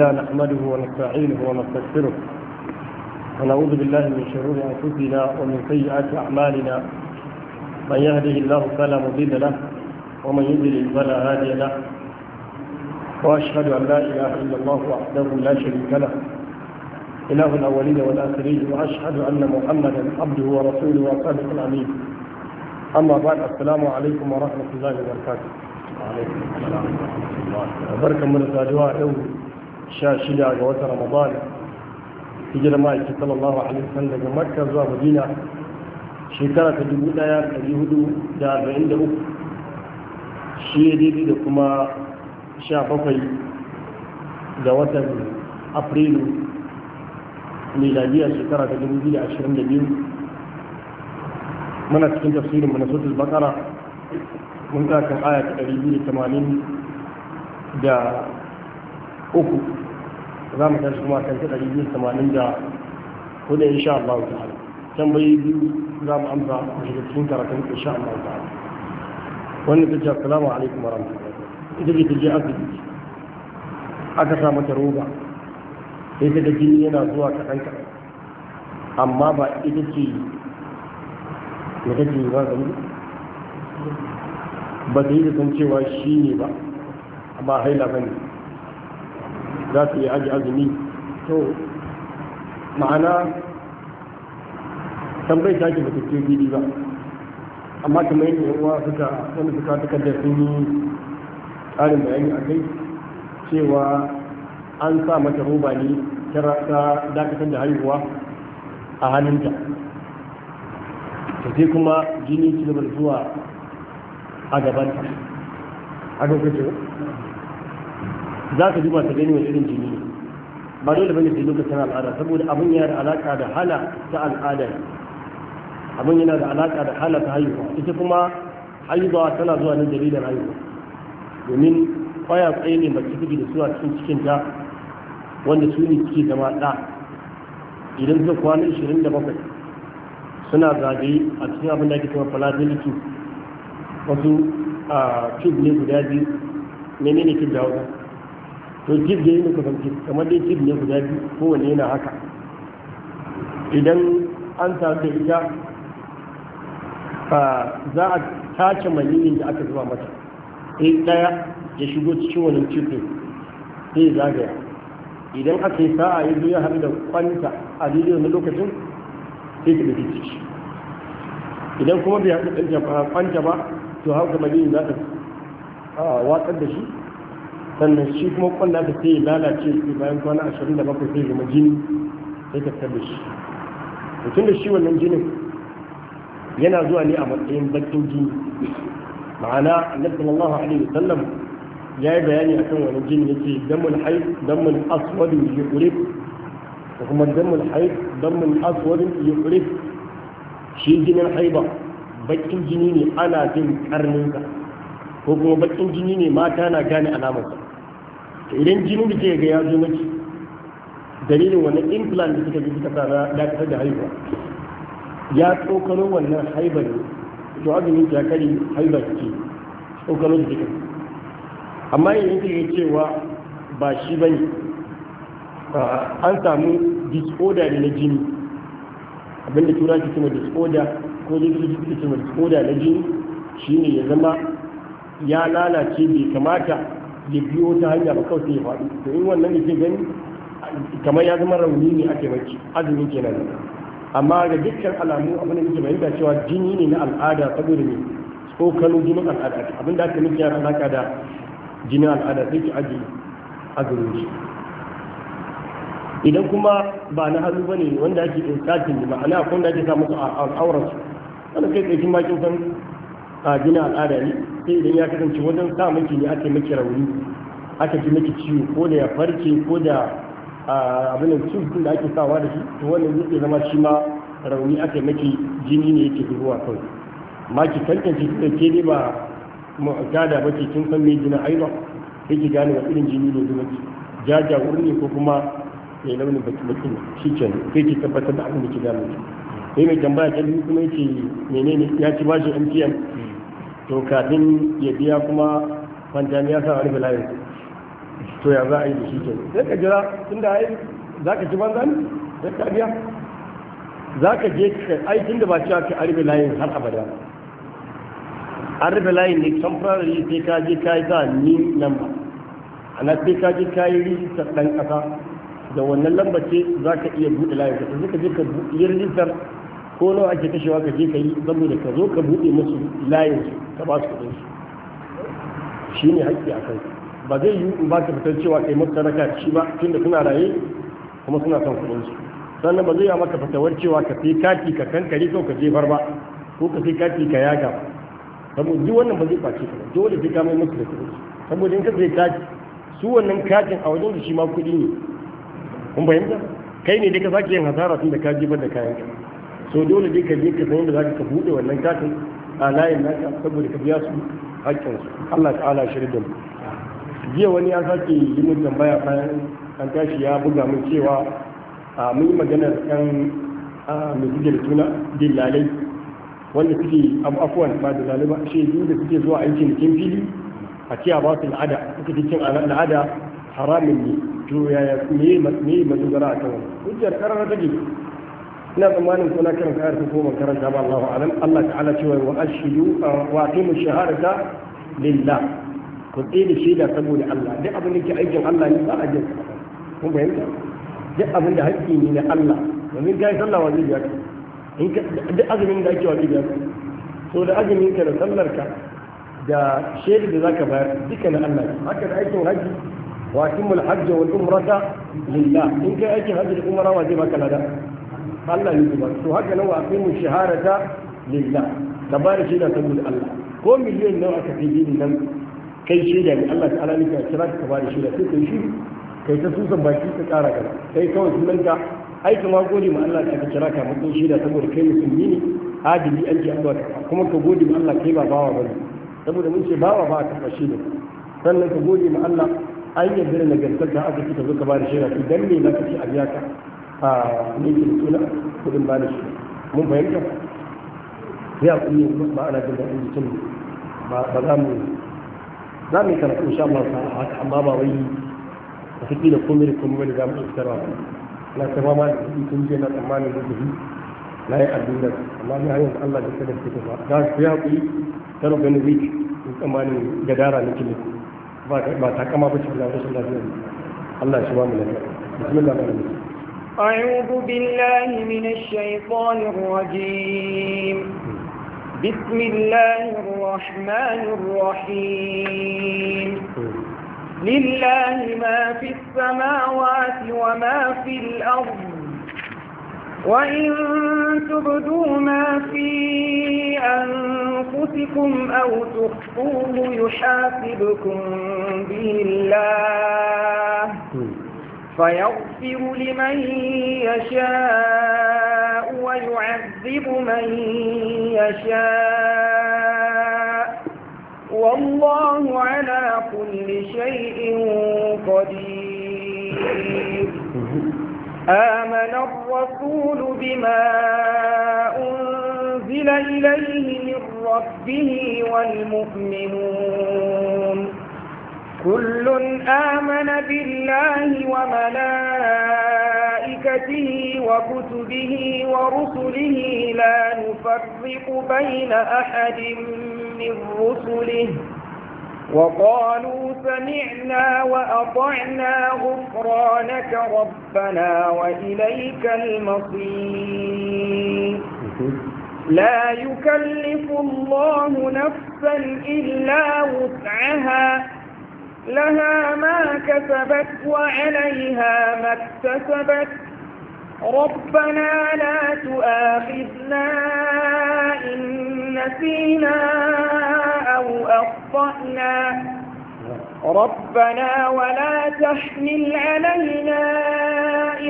لا نحمده ونستعينه ونستغفره ونعوذ بالله من شرور أنفسنا ومن سيئات أعمالنا من يهده الله فلا مضل له ومن يضلل فلا هادي له وأشهد أن لا إله إلا الله وحده لا شريك له إله الأولين والآخرين وأشهد أن محمدا عبده ورسوله وصادق الأمين أما بعد السلام عليكم ورحمة الله وبركاته وعليكم السلام ورحمة الله وبركاته بركة من sha shida ga watan ramadan hijirar ma'aiki sallallahu alaihi wasallam daga makka zuwa madina shekara ta dubu ɗaya ɗari hudu da arba'in da uku shi ya daidai da kuma sha bakwai da watan afrilu miladiyar shekara ta dubu biyu da ashirin da biyu muna cikin tafsirin manasotul bakara mun kakan aya ta ɗari biyu da tamanin da uku za mu tashi kuma kan ta ɗari biyu tamanin da hudu sha Allah ta'ala tambayi biyu za mu amsa a shiga cikin karatun insha Allah ta'ala Wani ta ce salamu alaikum wa rahmatullahi ita ce ta je asibiti aka sa mata roba sai ta ga jini yana zuwa kaɗan kaɗan amma ba ita ce da take yi ba zan ba ta yi da san cewa shi ne ba amma haila ba ne za su yi aji azumi to ma'ana tambayi ta ke bata ciyo gidi ba amma kuma yin yawa suka wani suka takardar sun yi tsarin bayani a kai cewa an sa mata roba ne ta dakatar da haihuwa a hannunta ce kuma jini ci gaba zuwa a gabanta a lokacin za ka duba ta gani wani irin jini ne ba dole bane sai lokacin al'ada saboda abin yana da alaka da hala ta al'ada abin yana da alaka da hala ta haihuwa ita kuma haihuwa tana zuwa nan dalilin haihuwa domin kwaya tsaye ne mace take da su a cikin cikin ta wanda su ne suke zama ɗa idan suka kwana bakwai suna zagaye a cikin abin da ake kuma falability wasu a ah, cikin ne guda biyu menene tube da hausa to jib da yana kusanci kamar dai jib ne guda biyu kowane yana haka idan an samu da ita za a tace maniyin da aka zuba mata sai ɗaya ya shigo cikin wani cikin sai zagaya idan aka yi sa'a ya zo ya haɗu da kwanta a daidai na lokacin sai ta dafi ciki idan kuma bai haɗu da kwanta ba to haka maniyin za ta watsar da shi sannan shi kuma kwan da sai ya lalace sai bayan kwana ashirin da bakwai sai zama jini sai ka tabbata shi mutum da shi wannan jinin yana zuwa ne a matsayin bakin jini ma'ana annabi sallallahu alaihi wasallam ya yi bayani akan wani jini yace damul hayd damul aswad yuqrib da kuma damul hayd damul aswad yuqrib shi jinin haiba bakin jini ne ana jin karninsa ko kuma bakin jini ne mata na gane alamarsa idan jinin da ke ga ya zo miki dalilin wannan implant da suka ji kasa na dakatar da haihuwa ya tsokano wannan haibar ne to azumin ya kari haibar ce tsokano da kika amma idan kika cewa ba shi ba ne, an samu disorder ne na jini abinda tura ke cewa disorder ko zai ke cewa disorder na jini shine ya zama ya lalace bai kamata da biyo ta hanya ba kawai sai ya faɗi to in wannan yake gani kamar ya zama rauni ne ake mace azumi nan amma da dukkan alamu abin da yake bayyana cewa jini ne na al'ada saboda ne tsokano jinin al'ada abin da aka nufi yana alaka da jinin al'ada sai ki aji azumin shi idan kuma ba na hannu bane wanda ake insatin ne ma'ana akwai wanda ake samu a auren su wanda kai tsakin bakin san a gina al'ada ne sai idan ya kasance wajen sa miki ne aka miki rauni aka ji miki ciwo ko da ya farke ko da abin da cikin da ake sawa da shi to wannan zai zama shi ma rauni aka miki jini ne yake zuwa kawai ma ki tantance shi da ke ne ba mu gada ba ke kin san me jinin aiba sai ki gane wa irin jini ne zuwa ki jaja wurin ne ko kuma ya launin baki baki ne shi ke sai ki tabbatar da abin da ki gane sai mai tambaya ta biyu kuma yake ne ya ci bashi mtm to kafin ya biya kuma kwantan ya sa wani filayen to ya za a yi da shi ke sai ka jira tunda ai za ka ci banza ne sai ka biya za ka je ka ai da ba cewa ka arbe layin har abada arbe layin ne temporarily sai ka je ka yi sa ni lamba ana sai ka je ka yi rijistar ɗan ƙasa da wannan lamba ce za ka iya buɗe layin ka sai ka je ka yi rijistar ko nawa ake kashewa ka je ka yi saboda ka zo ka buɗe musu layin su ka ba su kuɗin su shi ne haƙƙi a kai ba zai yi in ba ka fitar cewa kai masu sadaka shi ba tunda suna raye kuma suna son kuɗin su sannan ba zai yi maka fatawar cewa ka sai kati ka kankare ko ka jefar ba ko ka sai kati ka yaga ba saboda duk wannan ba zai face ka ba dole sai ka mai musu da kuɗin su saboda in ka sai kati su wannan katin a wajen da shi ma kuɗi ne kun fahimta kai ne dai ka sake yin hasara tun da ka jefar da kayan ka so dole dai ka je ka san da za ka bude wannan katin a layin naka saboda ka biya su hakkin su Allah ta'ala shirin da mu jiya wani ya sake yi mun tambaya bayan an tashi ya buga mun cewa a mun yi maganar kan mai da tuna dillalai wanda suke afuwan ba da lalai ba shi da suke zuwa aikin cikin fili a ce a ba su al'ada suka fi cin al'ada haramin ne to yaya me me madogara akan wannan hujjar karara take ina tsammanin kuna karanta ayar ko ban karanta ba Allahu alam Allah ta'ala cewa wa ashhidu uh, wa aqimu shahadata lillah ku tsiri shaida saboda Allah duk abin da ke aikin Allah ne ba a jin kun fahimta duk abin da haƙƙi ne na Allah domin kai sallah wa zai in ka duk azumin da ake wa zai so da azumin ka da sallar ka da shaida da zaka bayar duka na Allah haka da aikin haji wa aqimu al-hajj wal umrata lillah in kai aikin haji da umra wa zai baka lada Allah yi zubar to haka nan wa mu shaharata lillah ka bada shaida saboda Allah ko miliyan nawa aka fi dini nan kai shaida ne Allah ta'ala ne ka kira ka bada shaida sai kai shi kai ta susan baki ka tsara gaba kai kawai sunanka aikin ma gode ma Allah da aka kira ka mutum shaida saboda kai musulmi ne adili an ji Allah kuma ka gode ma Allah kai ba bawa bane saboda mun ce bawa ba ka fashi ne sannan ka gode ma Allah an yarda da nagartar da aka ci ta zo ka da shaida idan ne na kace a biya ka a nufin suna kudin ba da shi mun fahimta ya kuma yin kusa ana jin daɗin jikin ba za mu za mu yi karatu insha Allah ta haka amma ba wai a cikin da komai da komai wani za mu iya fitarwa na ta ma da kuɗi tun jiya na tsammanin da kuɗi na yi addu'a amma ni hanyar Allah da kada ke tafa ga ku ya ta rufe wiki in tsammanin gadara nake ne ba ta kama ba ce da rashin lafiya Allah shi ba mu lafiya bismillah أعوذ بالله من الشيطان الرجيم بسم الله الرحمن الرحيم لله ما في السماوات وما في الأرض وإن تبدوا ما في أنفسكم أو تخفوه يحاسبكم به الله فيغفر لمن يشاء ويعذب من يشاء والله على كل شيء قدير آمن الرسول بما أنزل إليه من ربه والمؤمنون كل آمن بالله وملائكته وكتبه ورسله لا نفرق بين أحد من رسله وقالوا سمعنا وأطعنا غفرانك ربنا وإليك المصير لا يكلف الله نفسا إلا وسعها لها ما كسبت وعليها ما اكتسبت ربنا لا تؤاخذنا إن نسينا أو أخطأنا ربنا ولا تحمل علينا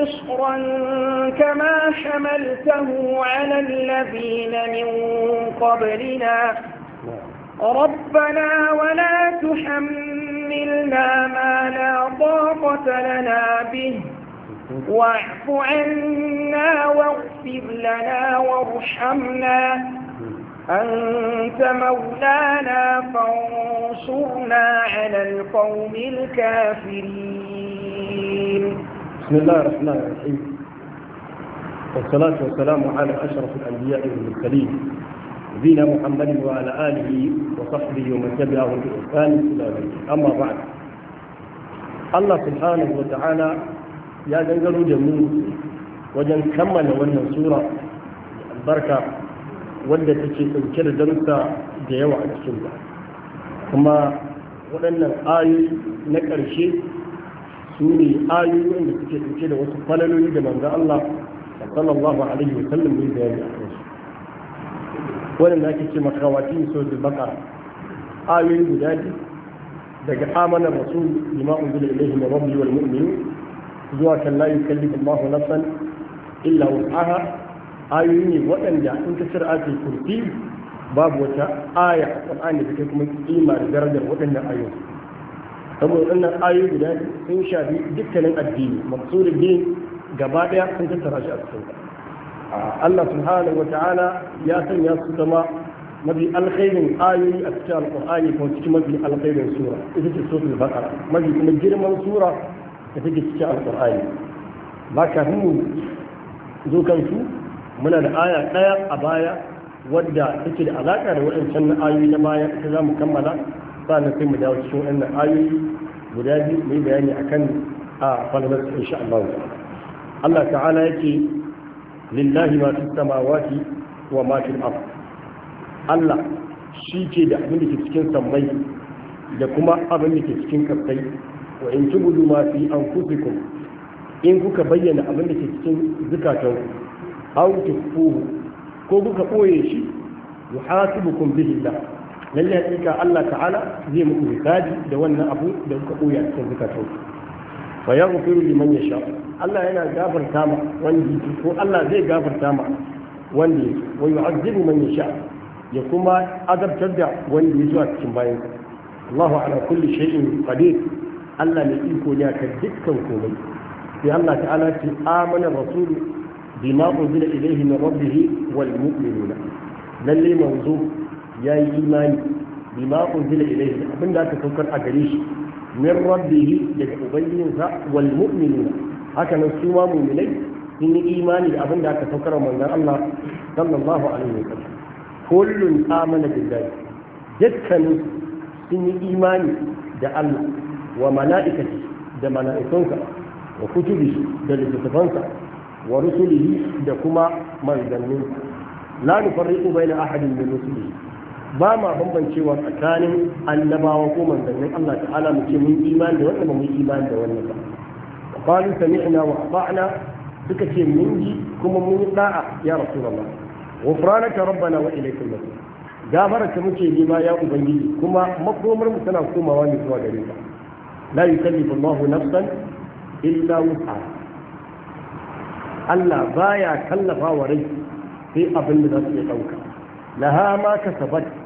إصرا كما حملته على الذين من قبلنا ربنا ولا تحمل حملنا ما لا ضاقة لنا به واعف عنا واغفر لنا وارحمنا أنت مولانا فانصرنا على القوم الكافرين بسم الله الرحمن الرحيم والصلاة والسلام على أشرف الأنبياء والمرسلين زين محمد وعلى آله وصحبه ومن تبعهم بإحسان إلى يوم أما بعد الله سبحانه وتعالى يا دنجلو جميل وجن كمل ون سورة البركة wadda take ɗauke da darussa da yawa a cikinta kuma waɗannan ayoyi na ƙarshe su ne ayoyi wanda suke ɗauke da wasu falaloli da manzo Allah sallallahu waɗanda ake ce makawati so da bakara ayoyi guda biyu daga amanar rasul bima unzila ilayhi min rabbi wal mu'minin zuwa kan la yukallifu Allahu nafsan illa wus'aha ayoyi ne waɗanda in ka sir ake kurfi babu wata aya a Qur'ani da kuma kima da darajar waɗannan ayoyi saboda wannan ayoyi guda sun shafi dukkanin addini maqsudul din gaba ɗaya sun tattara shi a cikin Allah subhanahu wata'ala ya sanya su zama mafi alkhairin ayoyi a cikin alƙur'ani ko cikin mafi alkhairin sura ita ce suratul baqara mafi kuma girman sura da take cikin alƙur'ani ba kafin mu zo kansu muna da aya ɗaya a baya wadda take da alaƙa da waɗancan ayoyi na baya ita za mu kammala sannan sai mu dawo cikin wannan ayoyi guda biyu mu yi bayani akan a falalar insha Allah Allah ta'ala yake lillahi ma fi samawati wa ma fi al Allah shi ke da abin da ke cikin sammai da kuma abin da ke cikin kasai wa in tubudu ma fi anfusikum in kuka bayyana abin da ke cikin zukatanku aw tukfuhu ko kuka koye shi yuhasibukum bihi Allah lalle hakika Allah ta'ala zai muku hisabi da wannan abu da kuka koya cikin zakatun fa yaghfiru liman yasha Allah yana gafarta ma wanda yake ko Allah zai gafarta ma wanda yake wa yu'azzibu man yasha ya kuma azabtar da wanda ya zuwa cikin bayan Allahu ala kulli shay'in qadir Allah ne iko ne akan dukkan komai sai Allah ta'ala ce amana rasulu bima unzila ilayhi min rabbih wal mu'minuna lalle manzo yayi imani bima unzila ilayhi abinda aka saukar a gare shi min rabbihi daga ubangijinsa wal mu'minuna haka nan su ma mu'minai sun yi imani da abin da aka saukar manzon Allah sallallahu alaihi wa sallam kullun amana billahi dukkanin sun yi imani da Allah wa mala'ikati da mala'ikunsa wa kutubi da littattafansa wa rusulihi da kuma manzanninsa la nufarriqu baina ahadin min rusulihi ba ma bambancewa tsakanin annabawa ko manzannin Allah ta'ala mu ce mun imani da wannan ba mun imani da wannan ba wa qalu sami'na wa ata'na suka ce mun ji kuma mun yi da'a ya rasulullah ghufranaka rabbana wa ilaykal masir gafararka muke nema ya ubangiji kuma makomar mu tana komawa ne zuwa gare ka la yukallifu Allahu nafsan illa wus'a Allah baya kallafa wa rai sai abin da za su iya ɗauka laha ma kasabat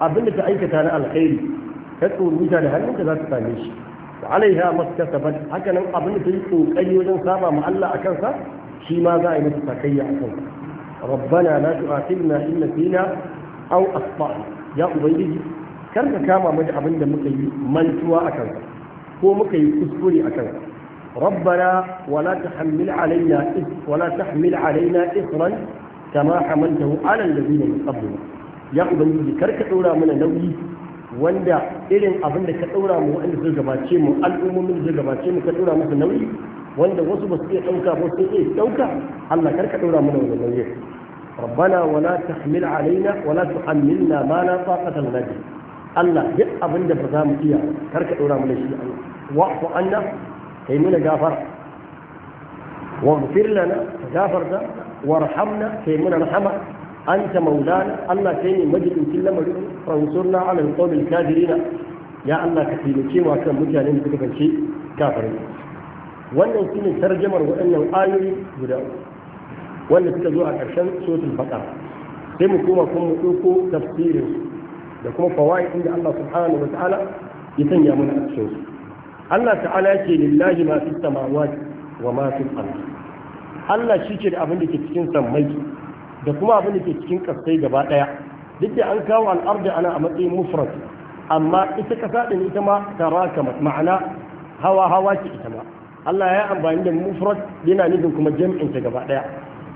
abin da ta aikata na alkhairi ta tsoruta da hannunka za ta same shi alaiha maskasabat haka nan abin da ta yi kokari wajen saba ma Allah a kansa shi ma za a yi masa sakayya a kansa rabbana la tu'akhidna in nasina aw akhtana ya ubangiji kar ka kama mu da abin da muka yi mantuwa a kansa ko muka yi kuskure a kansa ربنا ولا تحمل علينا ولا تحمل علينا إصرا كما حملته على الذين من قبلنا ya ubangiji kar ka ɗora mana nauyi wanda irin abin da ka ɗora mu wanda zai gabace mu al'ummomin zai gabace mu ka ɗora musu nauyi wanda wasu ba su iya ɗauka ba su iya ɗauka Allah kar ka ɗora mana wannan nauyi ربنا ولا تحمل علينا ولا تحملنا ما لا طاقة لنا به Allah duk abin da ba za mu iya karka ɗora mana shi Allah wa ku anna kai muna gafar wa gafir lana gafarta warhamna kai muna rahama anta maulana Allah kai ne majalisin lamarin fansurna ala alqawmil kafirina ya Allah ka taimake mu kan mutanen da suka kance kafirai wannan shine tarjamar waɗannan ayoyi guda wanda suka zo a ƙarshen suratul baqara sai mu koma kuma mu ɗauko da kuma fawaid inda Allah subhanahu ya sanya mana a Allah ta'ala ya ce lillahi ma wa Allah shi ke da abin da ke cikin sammai da kuma abin da ke cikin kasai gaba daya duk da an kawo al'arda ana a matsayin mufrad amma ita kasa din ita ma kama ma'ana hawa hawa ce ita ma Allah ya amfani da mufrad yana nufin kuma jam'in ta gaba daya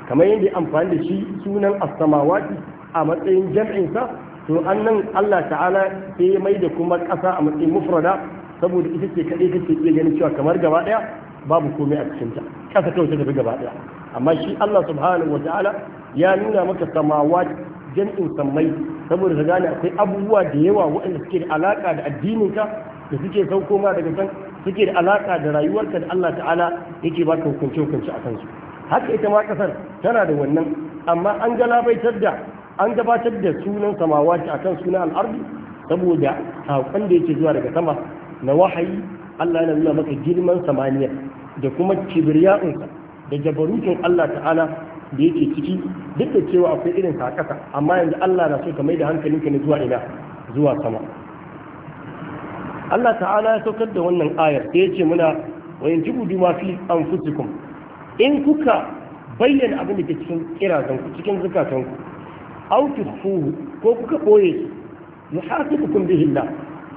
kamar yadda amfani da shi sunan as-samawati a matsayin jam'in sa to annan Allah ta'ala sai mai da kuma kasa a matsayin mufrada saboda ita ce kadai take iya ganin cewa kamar gaba daya babu komai a cikin ta kasa kawai ta tafi gaba daya amma shi Allah subhanahu wa ta'ala ya nuna maka samawa jam'in sammai saboda ka gane akwai abubuwa da yawa waɗanda suke da alaƙa da addininka da suke sauko ma daga san suke da alaƙa da rayuwarka da Allah ta'ala yake baka hukunce hukunce a kansu. haka ita ma ƙasar tana da wannan amma an galabaitar da an gabatar da sunan samawati akan sunan al'ardi saboda saƙon da yake zuwa daga sama na wahayi Allah yana nuna maka girman samaniya da kuma kibriya'unsa da Allah ta'ala da yake ciki duk da cewa akwai irin sa kasa amma yanzu Allah na so ka mai da hankalinka ne zuwa ina zuwa sama Allah ta'ala ya saukar da wannan ayar da ya ce muna wa in tubudu ma fi anfusikum in kuka bayyana abin da ke cikin kirazan ku cikin zakatan ku aw tukhfuhu ko kuka koye shi yuhasibukum bihi Allah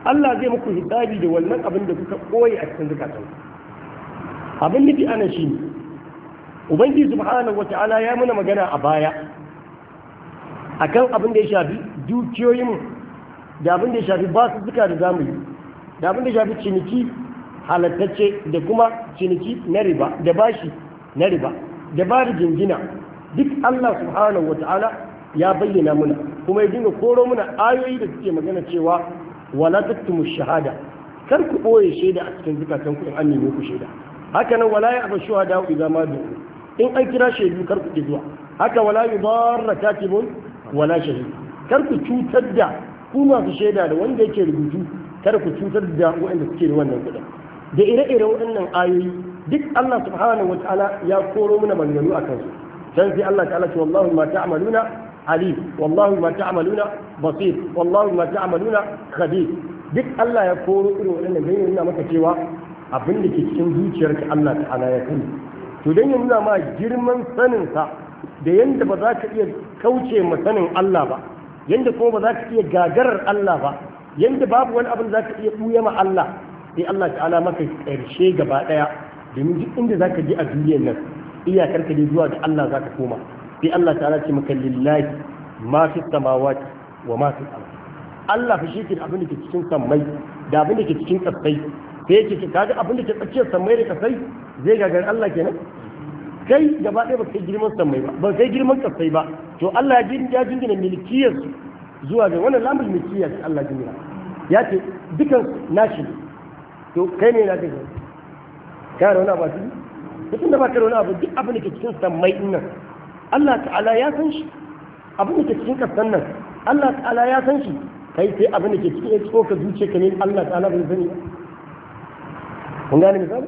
Allah zai muku hisabi da wannan abin da kuka koye a cikin zakatan ku abin nufi ana shi ne ubangiji subhanahu wata'ala ya muna magana a baya akan abin da ya shafi dukiyoyin da abin da ya shafi basu zuka da zamu yi da abin da ya shafi ciniki halattacce da kuma ciniki na riba da bashi na riba da ba da jingina duk Allah subhanahu wata'ala ya bayyana muna kuma ya dinga koro muna ayoyi da suke magana cewa wala tattumu shahada kar ku boye shaida a cikin zakatan ku in an nemi ku shaida Hakanan wala ya abashu hada idza ma du'u in an kira shaidu kar ku ki zuwa haka wala yudarra katibun wala shahid kar ku cutar da ku masu shaida da wanda yake rubutu kar ku cutar da waɗanda suke da wannan kuɗin da ire-ire waɗannan ayoyi duk Allah subhanahu wa ta'ala ya koro mana maganganu a kansu dan sai Allah ta'ala ce wallahu ma ta'maluna alim wallahu ma ta'maluna basir wallahu ma ta'maluna khabir duk Allah ya koro irin waɗannan bayanan nuna maka cewa abin da ke cikin zuciyarka Allah ta'ala ya sani to don ya nuna ma girman saninsa da yadda ba za ka iya kauce ma sanin Allah ba yadda kuma ba za ka iya gagarar Allah ba yadda babu wani abin za ka iya ɓuya ma Allah sai Allah ta'ala maka ƙarshe gaba ɗaya domin duk inda za ka je a duniyar nan iyakar ka dai zuwa ga Allah za ka koma sai Allah ta'ala ce maka lillahi ma fi samawati wa ma fi Allah fa shi ke abin da ke cikin sammai da abin da ke cikin ƙasai sai yake ce kaga abin da ke tsakiyar sammai da kasai zai gagari Allah kenan kai gaba ɗaya ba kai girman sammai ba ba kai girman kasai ba to Allah ya jin ya jingina milkiyar zuwa ga wannan lamul milkiyar Allah jirgin ya ce dukan nashi to kai ne na kai kana wani abu mutum da ba ka wani abu duk abin da ke cikin sammai din nan Allah ta'ala ya san shi abin da ke cikin kasan nan Allah ta'ala ya san shi kai sai abin da ke cikin ya tsoka zuciya ka ne Allah ta'ala bai sani ba kun gane misali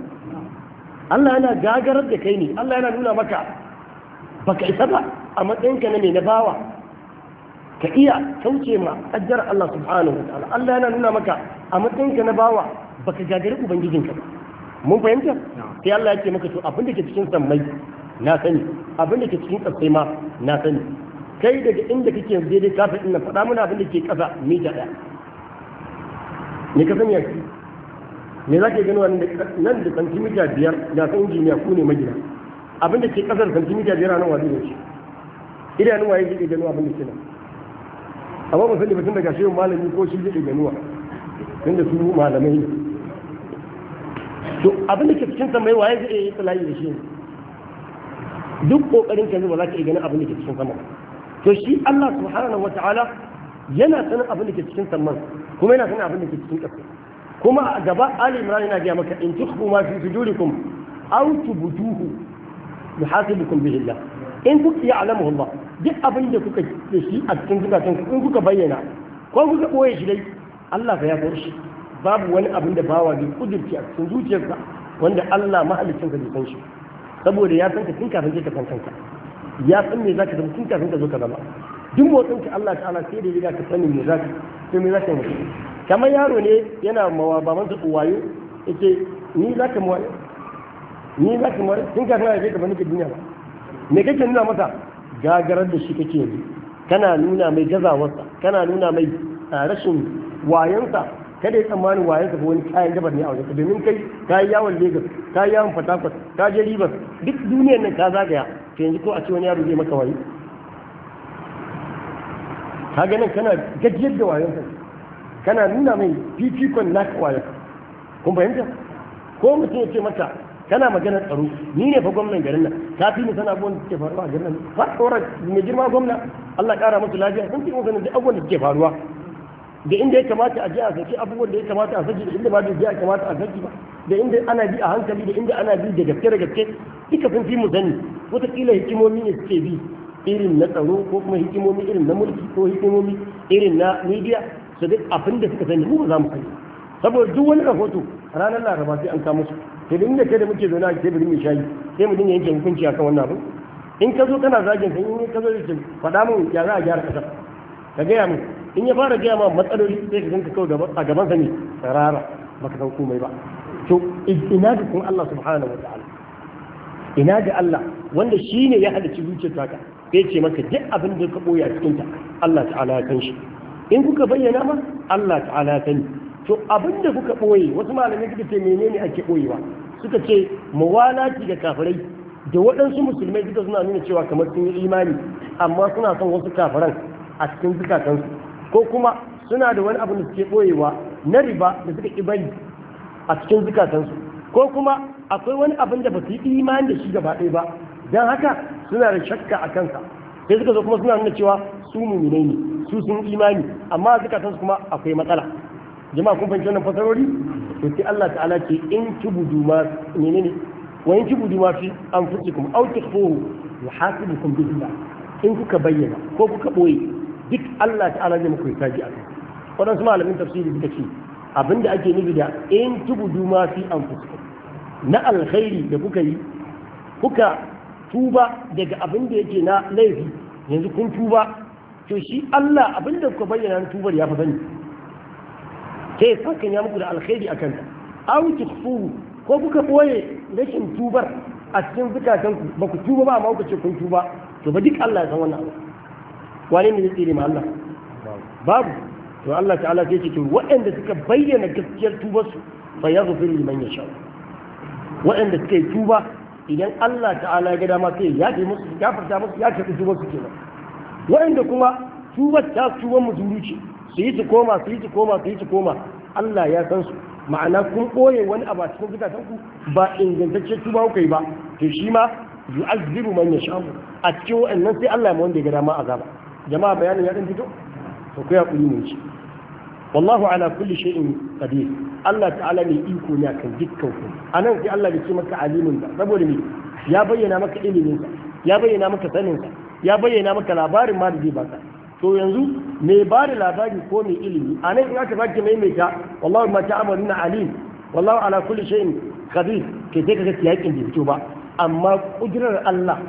Allah yana gagarar da kai ne Allah yana nuna maka baka isa ba a matsayinka na mai na bawa ka iya kauce ma ajjar Allah subhanahu wa ta'ala Allah yana nuna maka a matsayinka na bawa baka gagarar ubangijin ka. mun fahimta sai Allah ya ce maka to abin da ke cikin sammai na sani abin da ke cikin tsaye ma na sani kai daga inda kake yanzu daidai kafin ina faɗa mana abin da ke ƙasa mita ɗaya me ka sani me za ke gani nan da santimita biyar da san injiniya ku ne magina abin da ke kasar santimita biyar a nan wa zai shi idanun waye zai ganuwa abin da ke nan amma ba sani ba tun daga malami ko shi zai ganuwa tun da su malamai ne to abin da ke cikin sama waye zai yi tsalayi da shi duk kokarin ka ba za ka iya ganin abin da ke cikin sama to shi Allah subhanahu wataala yana sanin abin da ke cikin sama kuma yana sanin abin da ke cikin ƙasa kuma a gaba ali imran yana ga maka in tukhu ma fi sudurikum aw tubutuhu yuhasibukum bihi Allah in kuka ya'lamu Allah duk abin da kuka da shi a cikin zukatan ku in kuka bayyana ko kuka koye shi dai Allah ya bar shi babu wani abin da bawa bi kudurci a cikin zuciyarsa wanda Allah mahalicin ka bai san shi saboda ya san ka tun kafin ka san kanka ya san me zaka zama tun kafin ka zo ka zama duk motsin ka Allah ta'ala sai da riga ka sanin me za ka sai me za ka mutu kamar yaro ne yana mawa ba man sa wayo yace ni za ka mawa ni za ka mawa kin ka ya ka bani ka duniya ba me kake nuna masa gagarar da shi kake yi kana nuna mai gazawarsa kana nuna mai ah, rashin wayansa kada ya tsammanin wayansa ko wani kayan dabar ne a wajenka domin kai ka yi yawon Legas, ka yi yawon Fatakwas ka je Ribas duk duniyar nan ka zagaya to yanzu ko a ce wani yaro zai maka wayo kaga nan kana gajiyar da wayon ka kana nuna mai fifikon naka wayon kun fahimta ko mutum ya ce maka kana magana tsaro ni ne fa gwamnan garin nan ka fi ni sana abubuwan da suke faruwa a garin nan fa tsoron mai girma gwamna Allah kara masu lafiya sun fi musanin da abubuwan da suke faruwa da inda ya kamata a je a saki abubuwan da ya kamata a saki da inda ba da ya kamata a saki ba da inda ana bi a hankali da inda ana bi da gaske da gaske duka sun fi mu sani wataƙila hikimomi ne suke bi irin na tsaro ko kuma hikimomi irin na mulki ko hikimomi irin na media su duk abin da suka sani mu za mu sani saboda duk wani rahoto ranar laraba sai an kama su to da inda kai da muke zaune a teburin mai shayi sai mu dinga yanke hukunci a kan wannan abu in ka zo kana zagin kan in ka zo da faɗa mun ya za a gyara ƙasar ka gaya mun in ya fara gaya ma matsaloli sai ka ganka kawai a gaban sa ne tsarara baka san komai ba to ina ga kun Allah subhanahu wa ta'ala ina ga Allah wanda shine ya halicci zuciyar taka sai ce maka duk abin da ka boya cikin ta Allah ta'ala ya san shi in kuka bayyana ma Allah ta'ala ya sani to abin da kuka boye wasu malamai suka ce menene ake boyewa suka ce muwalati ga kafirai da waɗansu musulmai duka suna nuna cewa kamar sun yi imani amma suna son wasu kafiran a cikin zukatansu ko kuma suna da wani abu da suke ɓoyewa na riba da suka ƙi bari a cikin zukatansu ko kuma akwai wani abin da ba su yi imani da shi gaba ɗaya ba don haka suna da shakka a kansa sai suka zo kuma suna nuna cewa su muminai ne su sun imani amma zukatansu kuma akwai matsala jama'a kun fahimci wannan fasarori to sai Allah ta'ala ce in tubudu ma menene wa in tubudu ma fi anfusikum aw tukhfuhu yuhasibukum billah in kuka bayyana ko kuka boye duk Allah ta'ala ne muku hisabi a kai wadansu malamin tafsiri suka ce abinda ake nufi da in tubudu ma fi anfusikum na alkhairi da kuka yi kuka tuba daga abin da yake na laifi yanzu kun tuba to shi Allah abin da kuka bayyana na tubar ya fi sani sai ya sakan ya muku da alkhairi akan ta aw tukhfu ko kuka boye rashin tubar a cikin zukatan ku ba ku tuba ba amma kuka ce kun tuba to ba duk Allah ya san wannan abu wane ne zai tsire ma Allah babu to Allah ta'ala sai ce to waɗanda suka bayyana gaskiyar tubar su fa yaghfiru liman yasha waɗanda suka yi tuba idan Allah ta'ala ya gada masu sai ya ce musu ya farta musu ya ce ku su kenan wa'anda kuma tubar su tuban muzuru ce su yi su koma su yi su koma su yi su koma Allah ya san su ma'ana kun ɓoye wani abu a cikin zukatan ku ba ingantacce tuba kuka yi ba to shi ma yu'azzibu man yasha'u a cikin wa'annan sai Allah ya wanda ya gada ma azaba jama'a bayanin ya dan fito to ku ya kuli mun ci wallahu ala kulli shay'in qadir Allah ta'ala mai iko ne akan dukkan ku nan sai Allah bai ce maka alimin ba saboda me ya bayyana maka ilimin sa ya bayyana maka sanin sa ya bayyana maka labarin ma da zai baka to yanzu mai ba da labari ko mai ilimi anan in aka sake maimaita wallahi ma ta'amaluna alim wallahi ala kulli shay'in khabir ke sai kaga tiyakin bai fito ba amma kudirar Allah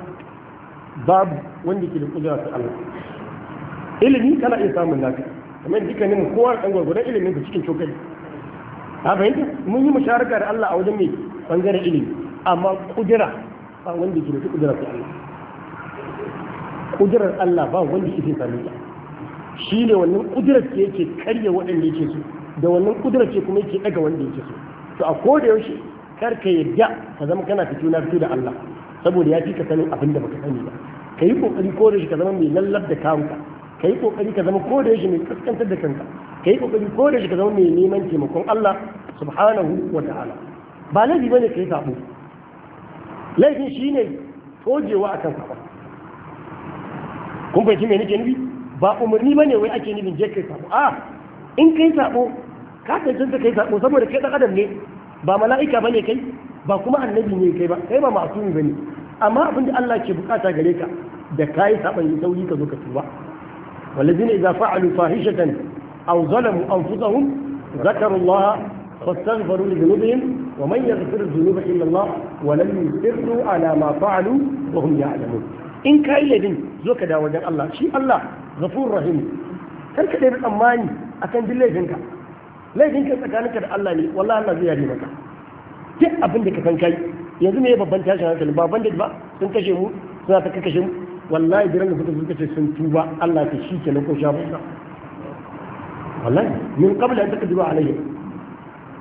babu wanda ke da kudirar Allah ilimi kana iya samun lafiya kamar dukkanin kowa da ɗan gwargwadon ilimin ka cikin cokali ka fahimta mun yi musharaka da Allah a wajen mai bangaren ilimi amma kudura ba wanda ke da kudurar sai Allah kudurar Allah ba wanda ke sami ta shi ne wannan kudurar ce yake karya waɗanda yake so da wannan kudurar ce kuma yake daga wanda yake so to a koda yaushe kar ka yadda ka zama kana fito na fito da Allah saboda ya fi ka sanin abin da baka sani ba ka yi kokari ko da shi ka zama mai lallab da kanka ka yi kokari ka zama ko da yaushe mai kaskantar da kanka ka yi kokari ko da shi ka zama mai neman taimakon Allah subhanahu wa ta'ala ba laifi bane ka yi sabo laifin shine tojewa akan sabo kun fahimci me nake nufi ba umarni bane wai ake nufin je kai sabo a in kai sabo ka tantance kai sabo saboda kai dan ne ba mala'ika bane kai ba kuma annabi ne kai ba kai ba ba bane amma abin da Allah ke bukata gare ka da kai saban sauri ka zo ka tuba والذين idza fa'alu fahishatan أو ظلموا أنفسهم ذكروا الله فاستغفروا لذنوبهم ومن يغفر الذنوب إلا الله ولم يسروا على ما فعلوا وهم يعلمون in ka yi ladin zo ka dawo wajen Allah shi Allah ghafur rahim kar ka ɗaya tsammani akan duk laifinka laifinka tsakaninka da Allah ne wallahi Allah zai ka san kai yanzu ne babban tashin hankali ba bandit ba sun kashe mu suna ta kashe mu wallahi biran da suka suka sun sun tuba Allah ta shi kenan ko sha wallahi min qabla an taqdiru alayhi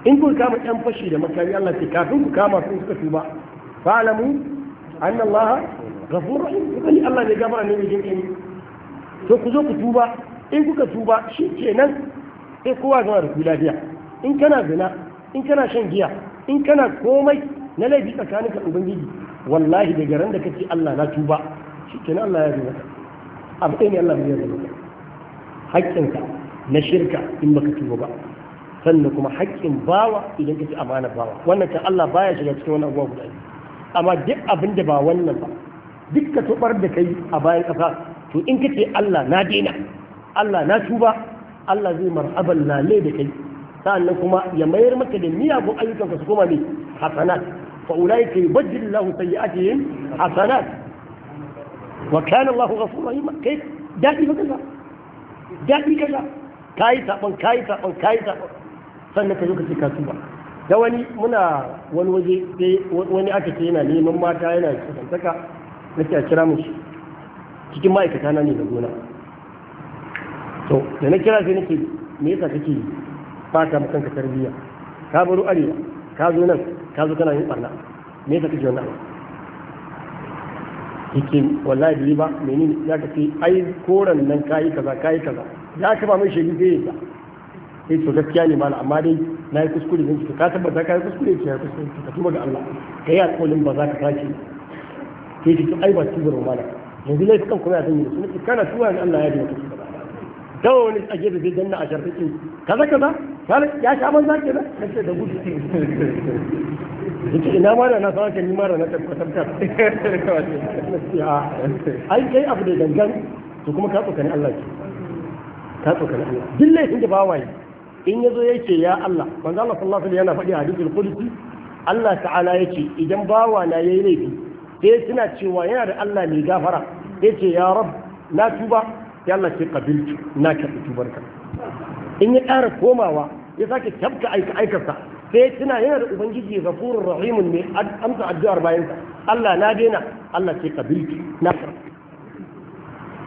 in kun kama ɗan fashi da makari Allah ce kafin ku kama sun suka tuba fa'lamu anna Allah ghafur rahim kani Allah ne gafara ne mai jinkai to ku zo ku tuba in kuka tuba shi kenan sai kowa zama da ku lafiya in kana zina in kana shan giya in kana komai na laifi tsakanin ka ubangiji wallahi daga ran da kace Allah na tuba shi kenan Allah ya yi maka abu ne Allah ya zama maka haƙƙinka na shirka in baka tuba ba sannan kuma haƙƙin bawa idan ka ci amana bawa wannan kan Allah baya shiga cikin wannan abubuwa guda biyu amma duk abin da ba wannan ba duk ka tubar da kai a bayan kasa to in ka ce Allah na daina Allah na tuba Allah zai marhaban lalle da kai sannan kuma ya mayar maka da miyagun ayyukanka su koma ne hasanat fa ulaika yubaddilu Allahu sayyi'atihim hasanat wa kana Allahu ghafurur rahim kai dadi kaza dadi kaza ka yi saɓon ka yi saɓon ka yi saɓon sannan ka zo ka ce ka tuba da wani muna wani waje wani aka ce yana neman mata yana kusantaka na ce a kira mu cikin ma'aikata na ne da gona to da na kira sai nake me yasa kake fata mu kanka tarbiyya ka baro arewa ka zo nan ka zo kana yin barna me yasa kake wannan yake wallahi bai ba menene ya kace ai koran nan kai kaza kai kaza da aka ba mai shaidu zai yi ta sai eh, to gaskiya ne mana amma dai na yi kuskure zan ci ka tabbata ka yi kuskure ce ya kuskure ka tuba ga Allah ka yi alƙawarin ba za ka sake ke ji to ai ba tuba ba mana yanzu laifi kan kuma ya san yi su nake kana tuba ne Allah ya ji maka tuba da wani a da zai danna a sharfe ce kaza kaza ya sha banza ke da kace da gudu yake ina ma da na sanar ka ni mara na tabbatar ka ah, ai kai abu da gangan to kuma ka tsokani Allah ke ka tsokani Allah duk laifin da bawa yi in yazo yake ya Allah manzo Allah sallallahu alaihi yana faɗi a hadisul qudsi Allah ta'ala yace idan bawa na yayi laifi sai suna cewa yana da Allah mai gafara yace ya rab na tuba ya Allah ke qabiltu na tubar ka. in ya ƙara komawa ya sake tabka aika aikarsa sai tuna yana da ubangiji ghafurur rahimun mai amsa addu'ar bayansa Allah na daina Allah ce qabiltu na karbi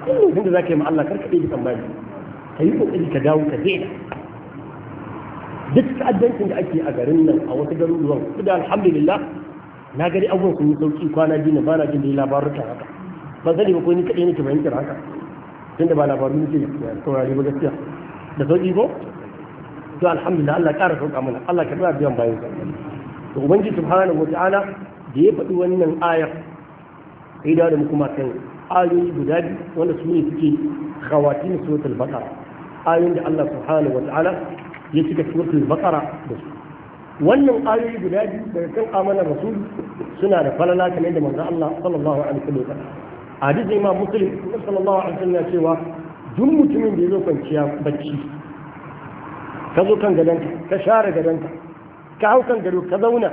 kullum da zaka yi ma Allah karkade da tambayi ka yi kokari ka dawo ka daina duk ta'addancin da ake a garin nan a wasu garuruwan su da alhamdulillah na gari abubuwan sun yi sauki kwana biyu na bana jin da ya ta haka ban sani ba ko ni kaɗai nake fahimtar haka tunda ba labaru nake saurari ba gaskiya da sauƙi ko to alhamdulillah Allah ƙara sauƙa mana Allah ka tsara biyan bayan to ubangiji subhanahu wata'ala da ya faɗi wannan ayar sai da mu kuma kan ayoyi guda biyu wanda su ne suke khawatin suratul baqara ayoyin da Allah subhanahu wa ta'ala ya cika suratul baqara da su wannan ayoyi guda biyu daga kan amana rasul suna da falala kamar da manzo Allah sallallahu alaihi wasallam hadisi imam muslim sallallahu alaihi wasallam ya cewa duk mutumin da ya zo kwanciya bacci ka zo kan gadonka ka share gadonka ka hau kan gado ka zauna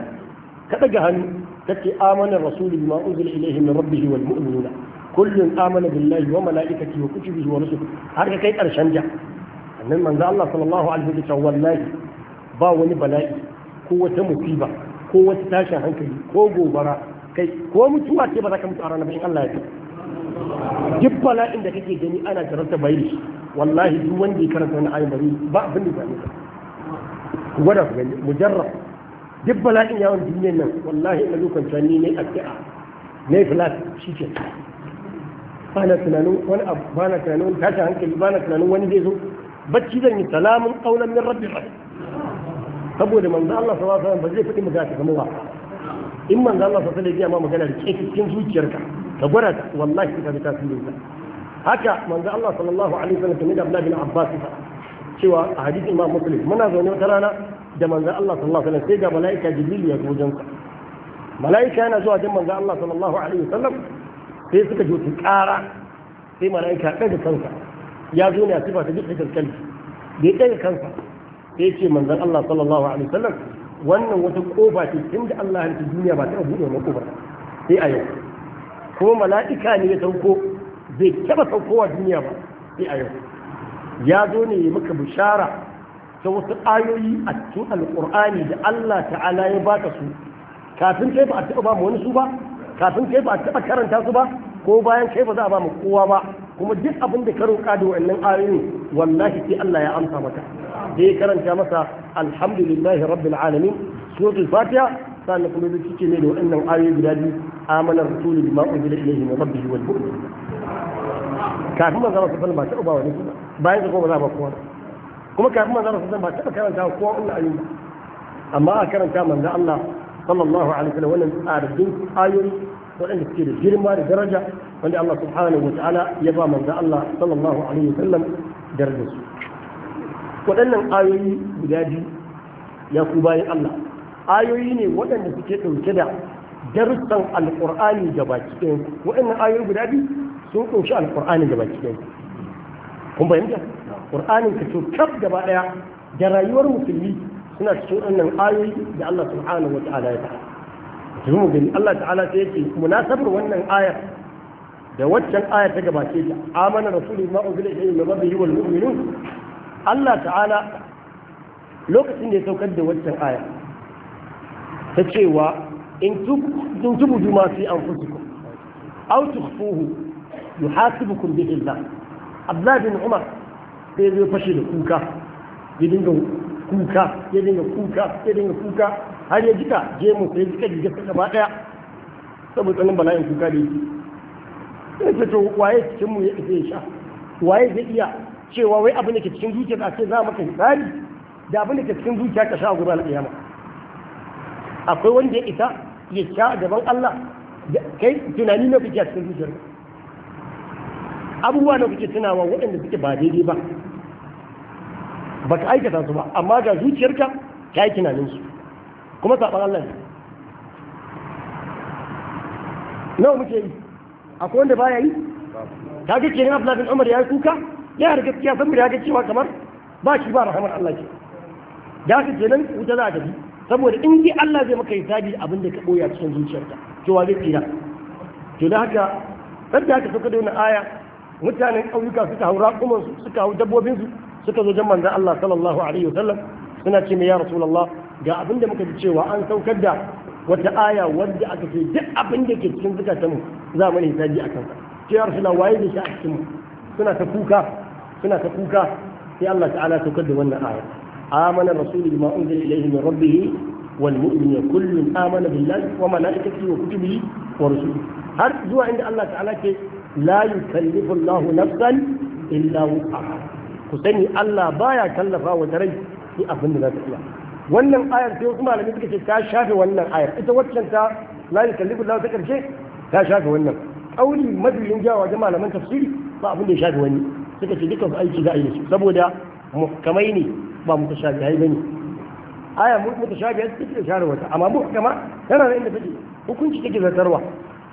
ka ɗaga hannu ka ce amana rasulu bima unzila ilayhi min rabbihi wal mu'minuna kullun amana billahi wa malaikatihi wa kutubihi wa rusulihi har ka kai karshen ja annabi manzo Allah sallallahu alaihi wa sallam wallahi ba wani bala'i ko wata musiba ko wata tashin hankali ko gobara kai ko mutuwa ce ba za ka mutu a ranar in Allah ya ce duk bala'in da kake gani ana jarabta bai shi wallahi duk wanda ya karanta wani ayin bari ba abin da zai ka ku gwada ku gani mujarrab duk bala'in yawon duniyar nan wallahi ina zo kwanciya ni ne addu'a ne filas shi ke ba na tunanin wani abu ba na tunanin tashin hankali ba na tunanin wani zai zo bacci zan yi salamun qaulan min rabbi rahim saboda manzo Allah sallallahu alaihi wasallam ba zai faɗi magana ta kamar in manzo Allah sallallahu alaihi wasallam ya ma magana da cikin zuciyarka ka gwada ta wallahi ka ga tasirin ta haka manzo Allah sallallahu alaihi wasallam kamar da Abdullah bin Abbas cewa a hadisin Imam Muslim muna zaune wata rana da manzo Allah sallallahu alaihi wasallam sai ga malaika Jibril ya zo wajensa malaika yana zuwa wajen manzo Allah sallallahu alaihi wasallam sai suka ji wata ƙara sai malaika ɗaga kansa ya zo ne a sifa ta duk fitar kalbi da ya ɗaga kansa Ya ce manzan Allah sallallahu alaihi wasallam wannan wata kofa ce da Allah ya halitta duniya ba ta buɗe wannan kofar sai a yau kuma mala'ika ne ya sauko zai taɓa saukowa duniya ba sai a yau ya zo ne ya maka bishara ta wasu ayoyi a cikin alƙur'ani da Allah ta'ala ya baka su kafin kai ba a taɓa ba mu wani su ba kafin kai ba a taɓa karanta su ba ko bayan kai ba za a ba mu kowa ba kuma duk abin da ka roƙa da wannan ayoyin wallahi sai Allah ya amsa maka dai karanta masa alhamdulillahi rabbil alamin suratul fatiha sannan kuma zai cike ne da waɗannan ayoyi guda biyu amana rasulu bima unzila ilayhi min rabbihi wal mu'minin kafin manzo Allah sallallahu alaihi wasallam ba ta wani bayan ka kuma za ba kowa kuma kafin manzo Allah sallallahu alaihi wasallam ba ta karanta kowa wannan ayoyi amma a karanta manzo Allah sallallahu alaihi wasallam wannan tsarin ayoyi waɗanda suke da girma da daraja wanda Allah subhanahu wa ta'ala ya ba manzo Allah sallallahu alaihi wasallam darajar su waɗannan ayoyi guda biyu ya ku bayan Allah ayoyi ne waɗanda suke ɗauke da darussan alƙur'ani da baki ɗayan waɗannan ayoyi guda biyu sun ƙunshi alƙur'ani da baki ɗayan kun fahimta ƙur'anin ka to kaf gaba ɗaya da rayuwar musulmi suna cikin waɗannan ayoyi da Allah subhanahu wa ta'ala ya faɗa yanzu mu gani Allah ta'ala sai yake munasabar wannan ayar da waccan ayar ta gabace ta amana rasulun ma ubila ilayhi min rabbihi wal mu'minun Allah ta'ala lokacin da ya saukar da waccan ayar ta cewa in tubudu ma fi anfusikum aw tukhfuhu yuhasibukum bi illah Abdullah bin Umar sai zai fashe da kuka ya dinga kuka ya dinga kuka ya dinga kuka har ya jika mu sai jika jika ta gaba daya saboda tsanin bala'in kuka da yake sai ce to waye cikin mu ya isa ya sha waye zai iya cewa wai abin da ke cikin zuciya da ce za maka tsari da abin da ke cikin zuciya ka sha gobe alƙiyama akwai wanda ya isa ya sha gaban Allah kai tunani na kuke a cikin zuciyar abubuwa na kuke tunawa waɗanda suke ba daidai ba ba ka aikata su ba amma ga zuciyarka ta yi tunaninsu kuma saɓar Allah ne nawa muke yi akwai wanda baya yi ta ga kenan Abdullah bin Umar ya yi kuka ya da gaskiya saboda ya ga cewa kamar ba shi ba rahamar Allah ce da haka kenan wuta za a tafi saboda in dai Allah zai maka yi abin da ka boya cikin zuciyarka cewa zai tsira to da haka sadda haka suka dauna aya mutanen ƙauyuka suka hau raƙumansu suka hau dabbobin su, suka zo jan manzan Allah sallallahu alaihi wasallam suna ce mai ya rasulullah ga abin da muka ji cewa an saukar da wata aya wadda aka ce duk abin da ke cikin zukatan mu za mu hisabi akan sa ce ya rasulullah waye da shi a cikin suna ta kuka suna ta kuka sai Allah ta'ala saukar da wannan aya amana rasulu bima unzila ilayhi min rabbih wal mu'minu kullun amana billahi wa malaikatihi wa kutubihi wa rusulihi har zuwa inda Allah ta'ala ke la yukallifu Allahu nafsan illa wus'aha ku sani Allah baya kallafa wa rai sai abin da za ta iya wannan ayar sai wasu malamai suka ce ta shafe wannan ayar ita waccan ta la yukallifu Allah ta karshe ta shafe wannan kauli madalin jawa ga malaman tafsiri ba abin da ya shafe wani suka ce dukkan aiki za a yi da su saboda muhkamai ne ba shafe mutashabihai bane aya mutashabihai suke da share wata amma muhkama tana da inda take hukunci take zartarwa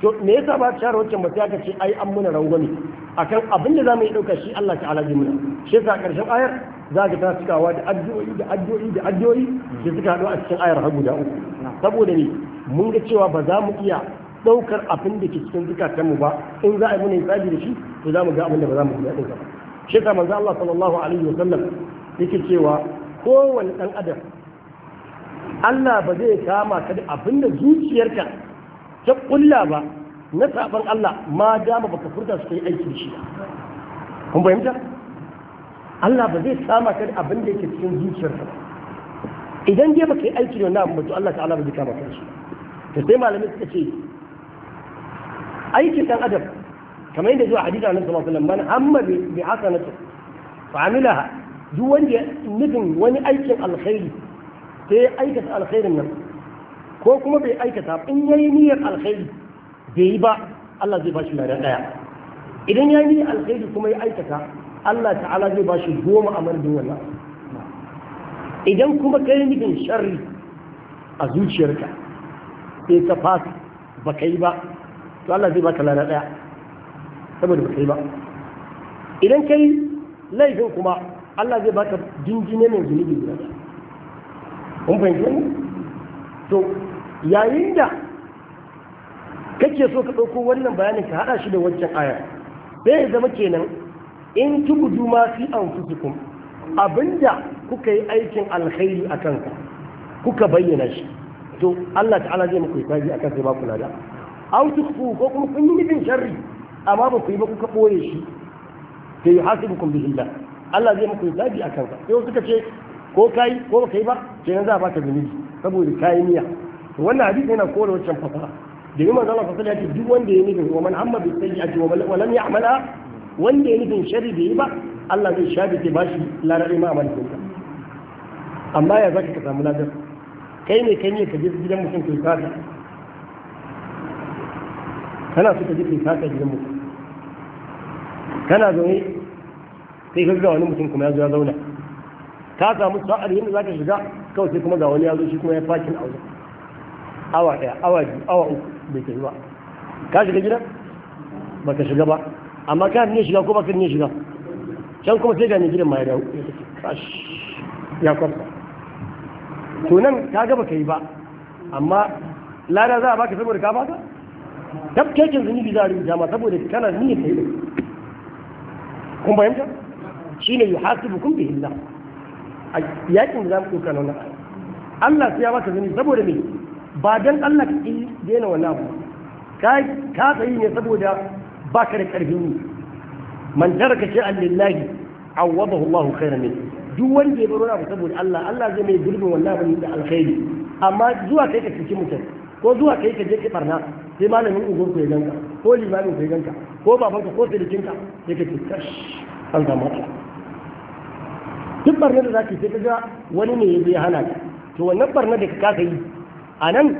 to me yasa ba ta share waccan ba sai aka ce ai an muna rangwame akan abin da zamu yi dauka shi Allah ta'ala ji muna shi yasa karshen ayar za ka tafi cikawa da addu'o'i da addu'o'i da addu'o'i da suka haɗu a cikin ayar har guda uku saboda ne mun ga cewa ba za mu iya ɗaukar abin da ke cikin mu ba in za a yi mana hisabi da shi to za mu ga abin da ba za mu iya ɗauka ba shi ka manzo Allah sallallahu alaihi wa sallam yake cewa kowane ɗan adam Allah ba zai kama ka da abin da zuciyarka ta kulla ba na saban Allah ma dama baka furta su kai aiki da shi kun fahimta Allah ba zai sama ka da abin da yake cikin zuciyarka ba idan dai baka yi aiki da wannan abin to Allah ta'ala ba zai kama ka shi to sai malamin suka ce aikin dan adam kamar yadda zuwa hadisi annabi sallallahu alaihi wasallam man amma bi hasanatu fa amilaha duk wanda nufin wani aikin alkhairi sai ya aikata alkhairin nan ko kuma bai aikata in yayi niyyar alkhairi bai yi ba Allah zai ba shi lada daya idan ya yi niyyar alkhairi kuma ya aikata Allah ta'ala zai ba shi goma a madadin wannan idan kuma kai nufin shari a zuciyarka sai ka fasa ba ka yi ba to Allah zai baka lana ɗaya saboda ba ka yi ba idan ka yi laifin kuma Allah zai baka jinjine mai zunubi guda kun fahimci ne to yayin da kake so ka ɗauko wannan bayanin ka haɗa shi da wancan aya sai ya zama kenan in tubudu ma fi anfusikum abinda kuka yi aikin alkhairi a kanka kuka bayyana shi to Allah ta'ala zai muku hisabi akan sai ba ku lada aw tukfu ko kuma kun yi nufin sharri amma ba ku yi ba kuka ɓoye shi sai hasibukum bihillah Allah zai muku hisabi akan ka sai suka ce ko kai ko ba kai ba kenan za a baka zunubi saboda kayi niyya wannan hadisi yana kore wancan fasaha da yi manzon Allah sallallahu alaihi wasallam duk wanda ya nufi wa man amma bi sayyi'ati wa lam ya'mala wanda ya nufin shari da yi ba Allah zai shafi ke bashi larar ma a malakinka amma ya zaka ka samu ladar kai ne kai ne ka je gidan mutum kai fata kana so ka je kai fata gidan mutum kana zaune sai ka ga wani mutum kuma ya zo ya zauna ka samu sa'ar yadda zaka shiga kawai sai kuma ga wani ya zo shi kuma ya fakin a wajen awa ɗaya awa biyu awa uku bai kai ba ka shiga gidan ba ka shiga ba amma ka ne shiga ko kan ne shiga can kuma sai ga ne gidan mai dawo ya kwanta to nan ka ga baka yi ba amma lada za a baka saboda ka baka dab kekin zuni a rubuta ma saboda kana ni kai ne kun bayyanta shine yuhasibukum bihi Allah yakin da za mu kuka nan Allah sai ya baka zuni saboda me ba dan Allah ka yi daina wannan abu ka ka ne saboda ba ka da ƙarfin yi man taraka sha'an lillahi awwabahu Allahu khairan min duk wanda ya bar wani abu saboda Allah Allah zai mai gurbin wannan abin da alkhairi amma zuwa kai ka cikin mutum ko zuwa kai ka je ki barna sai malamin ugon ku ya ganka ko limamin ku ya ganka ko babanka ko sirikinka sai ka ce kash an samu matsala duk barna da zaki sai ka ga wani ne ya je hana ka to wannan barna da ka kasa yi a nan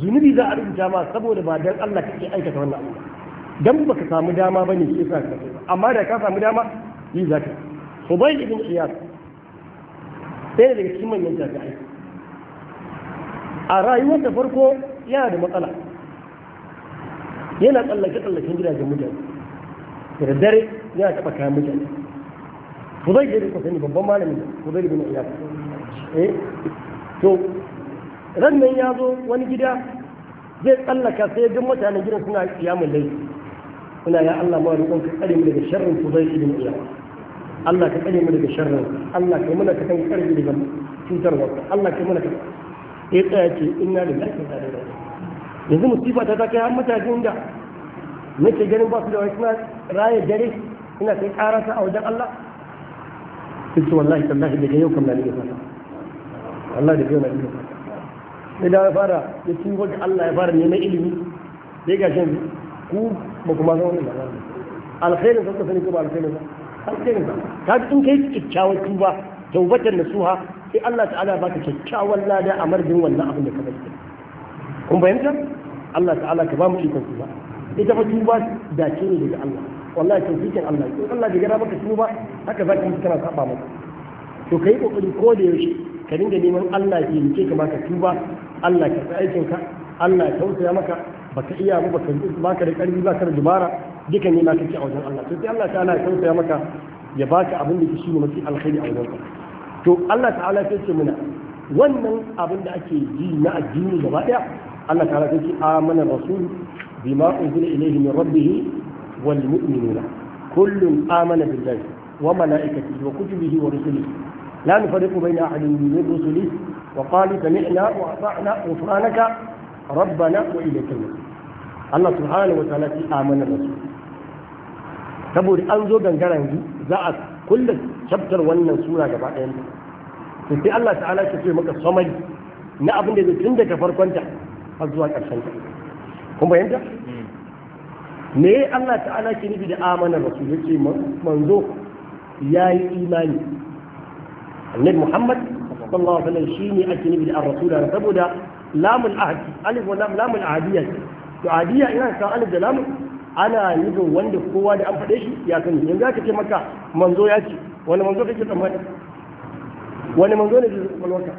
zunubi za a rubuta ma saboda ba dan Allah kake aikata wannan abu dan ba ka samu dama bane shi yasa ka amma da ka samu dama yi zaka bai ibn Iyad sai daga cikin manyan jami'ai a rayuwar da farko yana da matsala yana tsallake tsallaken gidajen mutane da dare yana taɓa kayan mutane Hubay ibn Iyad ne babban malamin zai ibn Iyad eh to ran nan ya zo wani gida zai tsallaka sai duk mutanen gidan suna kiyamun laifi muna ya Allah ma roƙon ka tsare mu daga sharrin fudai ibn iyawa Allah ka tsare mu daga sharrin Allah ka muna ka kan karbi daga cutarwa Allah ka muna ka ya tsaya ce inna lillahi wa inna ilaihi raji'un yanzu musifa ta kai har matakin da nake ganin ba su da wani raya dare ina kai karasa a wajen Allah kinsu wallahi tallahi daga yau kam na nake fata Allah da yau na nake fata idan ya fara ya ci wajen Allah ya fara neman ilimi dai ga shan ku ba kuma zama wani magana alkhairin sa sani ko ba alkhairin ba alkhairin sa kaga in kai kyakkyawar tuba tawbatan nasuha sai Allah ta'ala baka kyakkyawar lada a marjin wannan abin da ka bai kun bayanta? Allah ta'ala ka ba mu ikon tuba ita fa tuba dace ne daga Allah wallahi tawfiqin Allah in Allah bai gara maka tuba haka zaka yi kana saba maka to kai kokari ko da yaushe ka dinga neman Allah ya yi ka maka tuba Allah ka sa aikin ka Allah ya tausaya maka baka iya ba baka baka da karfi baka da dubara duka ne ma kake a wajen Allah to sai Allah ta'ala ya tausaya maka ya baka abin da shi ne mafi alkhairi a wajen to Allah ta'ala ya ce mana wannan abin da ake yi na addini gaba daya Allah ta'ala sai ce amana rasul bima unzila ilayhi min rabbih wal mu'minuna kullun amana billahi wa malaikatihi wa kutubihi wa rusulihi لا نفرق بين أحد من رسله وقالوا سمعنا وأطعنا غفرانك rabbana wa ilaikal masir Allah subhanahu wa ta'ala ki amana da su saboda an zo gangaren za a kulle chapter wannan sura gaba ɗayan to sai Allah ta'ala ke ce maka summary na abin har zuwa ƙarshen ta kun bayanta me Allah ta'ala ke nufi da amana rasul yace manzo yayi imani annabi Muhammad sallallahu alaihi wasallam shine ake nufi da rasul saboda lamun ahadi alif wa lam lamun ahadiyya to ahadiyya ina san alif da lamun ana nufin wanda kowa da an faɗe shi ya sani yanzu aka ce maka manzo ya ce wani manzo kake tsammani wani manzo ne da kwalwarka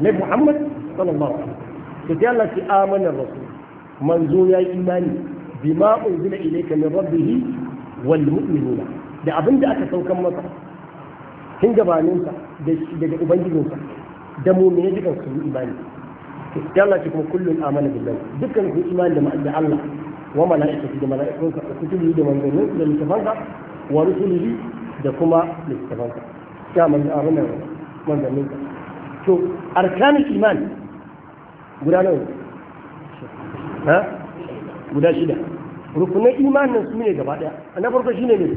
ne muhammad sallallahu alaihi wasallam to sai Allah ce amana rasul manzo ya yi imani bima unzila ilayka min rabbih wal mu'minuna da abinda aka saukan masa tun gabaninsa daga ubangijinsa da mu ne dukan su imani yalla ce kuma kullum amana billahi dukkan ku imani da Allah wa mala'ikatu da mala'ikunsa da kutubi da manzannin da littafansa wa rusulihi da kuma littafansa ya manzo abin nan manzannin to arkanul iman guda nawa ha guda shida rukunan imanin su ne gaba daya na farko shine ne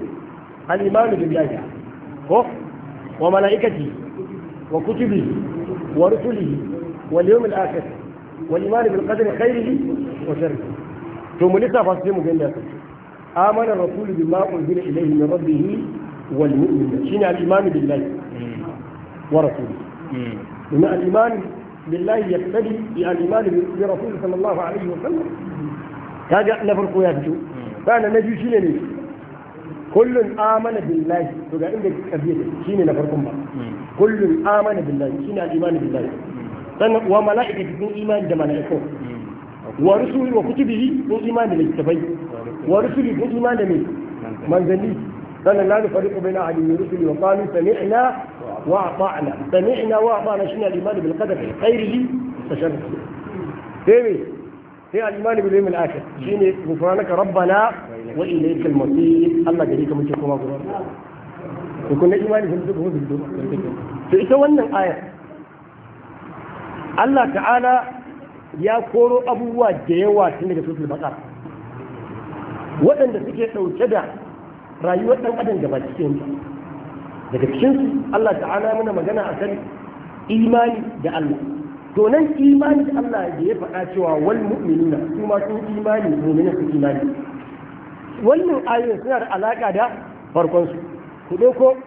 al-imanu billahi ko wa mala'ikati wa kutubi wa rusulihi واليوم الآخر والإيمان بالقدر خيره وشره ثم لسه فاسمه جنة آمن الرسول بما أنزل إليه من ربه والمؤمن شنو الإيمان بالله ورسوله بما الإيمان بالله يقتدي الإيمان برسوله صلى الله عليه وسلم هذا نفرق يابجو فأنا نجي شنو نجي كل آمن بالله تقع عندك أبيته شنو نفرق كل آمن بالله شنو الإيمان بالله sannan wa mala'ikati sun imani da mala'iku hmm. wa rusuli wa kutubi sun imani da littafai wa rusuli sun imani da mai manzanni sannan la nufariqu baina ahadin min rusuli wa qalu sami'na wa ata'na sami'na wa ata'na shine al-iman bil qadar khairihi wa sharrihi sai me sai al-iman bil yawm al-akhir hmm. shine ghufranaka rabbana wa ilaykal masir Allah gari ka muke kuma gurin ku kun imani sun zuba sun zuba to ita wannan ayar Allah ta'ala ya koro abubuwa da yawa tun daga sosul bakar waɗanda suke ɗauke da rayuwar ɗan adam baki yanzu daga cikin Allah ta'ala muna magana a kan imani da Allah to nan imani da Allah da ya faɗa cewa wal mu'minuna su ma sun imani mu'mina su imani wannan ayoyin suna da alaƙa da farkon su ku ɗauko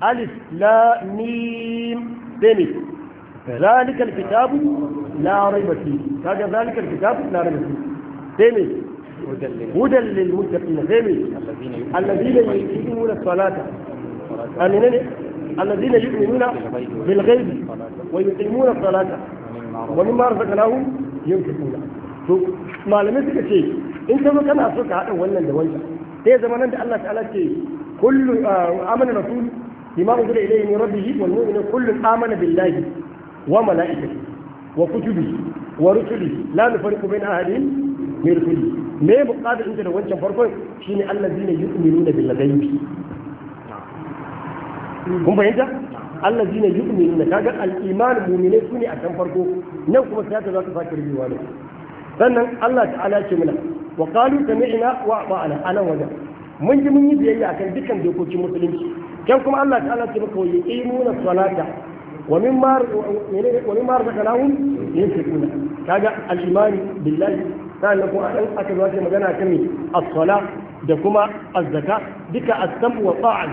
alif la mim فذلك الكتاب لا ريب فيه هذا ذلك الكتاب لا ريب فيه ثاني هدى للمتقين ثاني الذين يؤمنون الصلاة الذين يؤمنون بالغيب ويقيمون الصلاة ومما رزقناهم ينفقون شوف ما لم يسك شيء انت ما كان اصلك عاد ولا دوجه تي زمان انت الله تعالى تي كل آه، امن الرسول بما انزل اليه من ربه والمؤمن كل امن بالله wa mala'ikati wa kutubi wa rusuli la nufarriqu bain ahadin min rusuli me buƙatar inda da wancan farkon shine allazina yu'minuna bil ghaibi kun fahimta allazina yu'minuna kaga al-iman mu'mine sune a kan farko nan kuma sai ta za ta sake rubuwa ne sannan Allah ta'ala ce mana wa qalu sami'na wa ata'na anan wajen mun ji mun yi biyayya akan dukkan dokokin musulunci kan kuma Allah ta'ala ce maka salata ومما ومما رزقناهم ينفقون كاجا الايمان بالله sannan kuma an aka zuwa ce magana kan as-sala da kuma az-zaka duka as-sam wa ta'an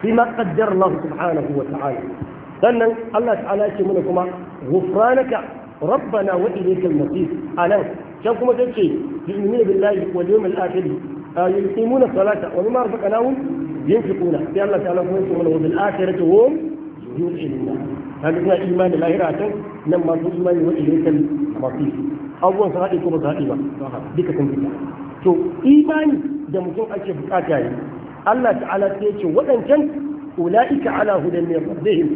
fi ma qaddara Allah subhanahu wa ta'ala sannan Allah ta'ala ya ce mana kuma ghufranaka rabbana wa ilaykal masir anan ce billahi salata wa ينفقون في الله تعالى يقول وبالآخرة هم yu'minuna kaga suna imani lahira can nan ma sun imanin wani ilaikal masir abubuwan su haɗe ko ba su haɗe ba duka sun fita to imani da mutum ake bukata yi Allah ta'ala ta ce waɗancan ula'ika ala hudan min rabbihim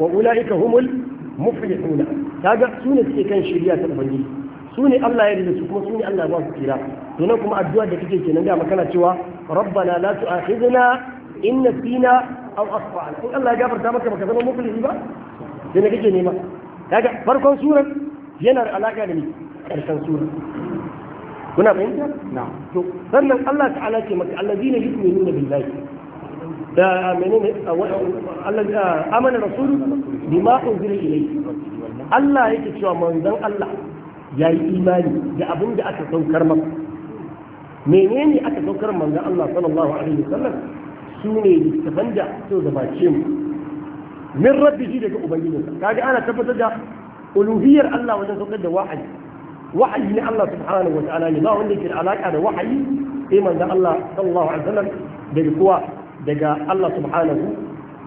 wa ula'ika humul muflihuna kaga su ne suke kan shirya ta ubangiji su ne Allah ya rida su kuma su ne Allah ba su kira to nan kuma addu'a da kake kenan da kana cewa rabbana la tu'akhidna inna fina aw asfa'an in Allah ya gafarta maka baka zama muflisi ba da me kake nema kaga farkon surar yana da alaka da ni karshen surar kuna fahimta na'am to sannan Allah ta'ala ce maka allazina yu'minuna billahi da menene Allah amana rasul bima unzila ilayhi Allah yake cewa manzon Allah ya yi imani da abin da aka saukar maka menene aka saukar manzon Allah sallallahu alaihi wasallam su ne littafan da so gabace mu min rabbi shi daga ubangijinsa kaga ana tabbatar da uluhiyyar Allah wajen saukar da wa'ayi wa'ayi ne Allah subhanahu wata'ala ne ba wanda ke da alaka da wa'ayi sai manzon Allah sallallahu alaihi wasallam daga kuwa daga Allah subhanahu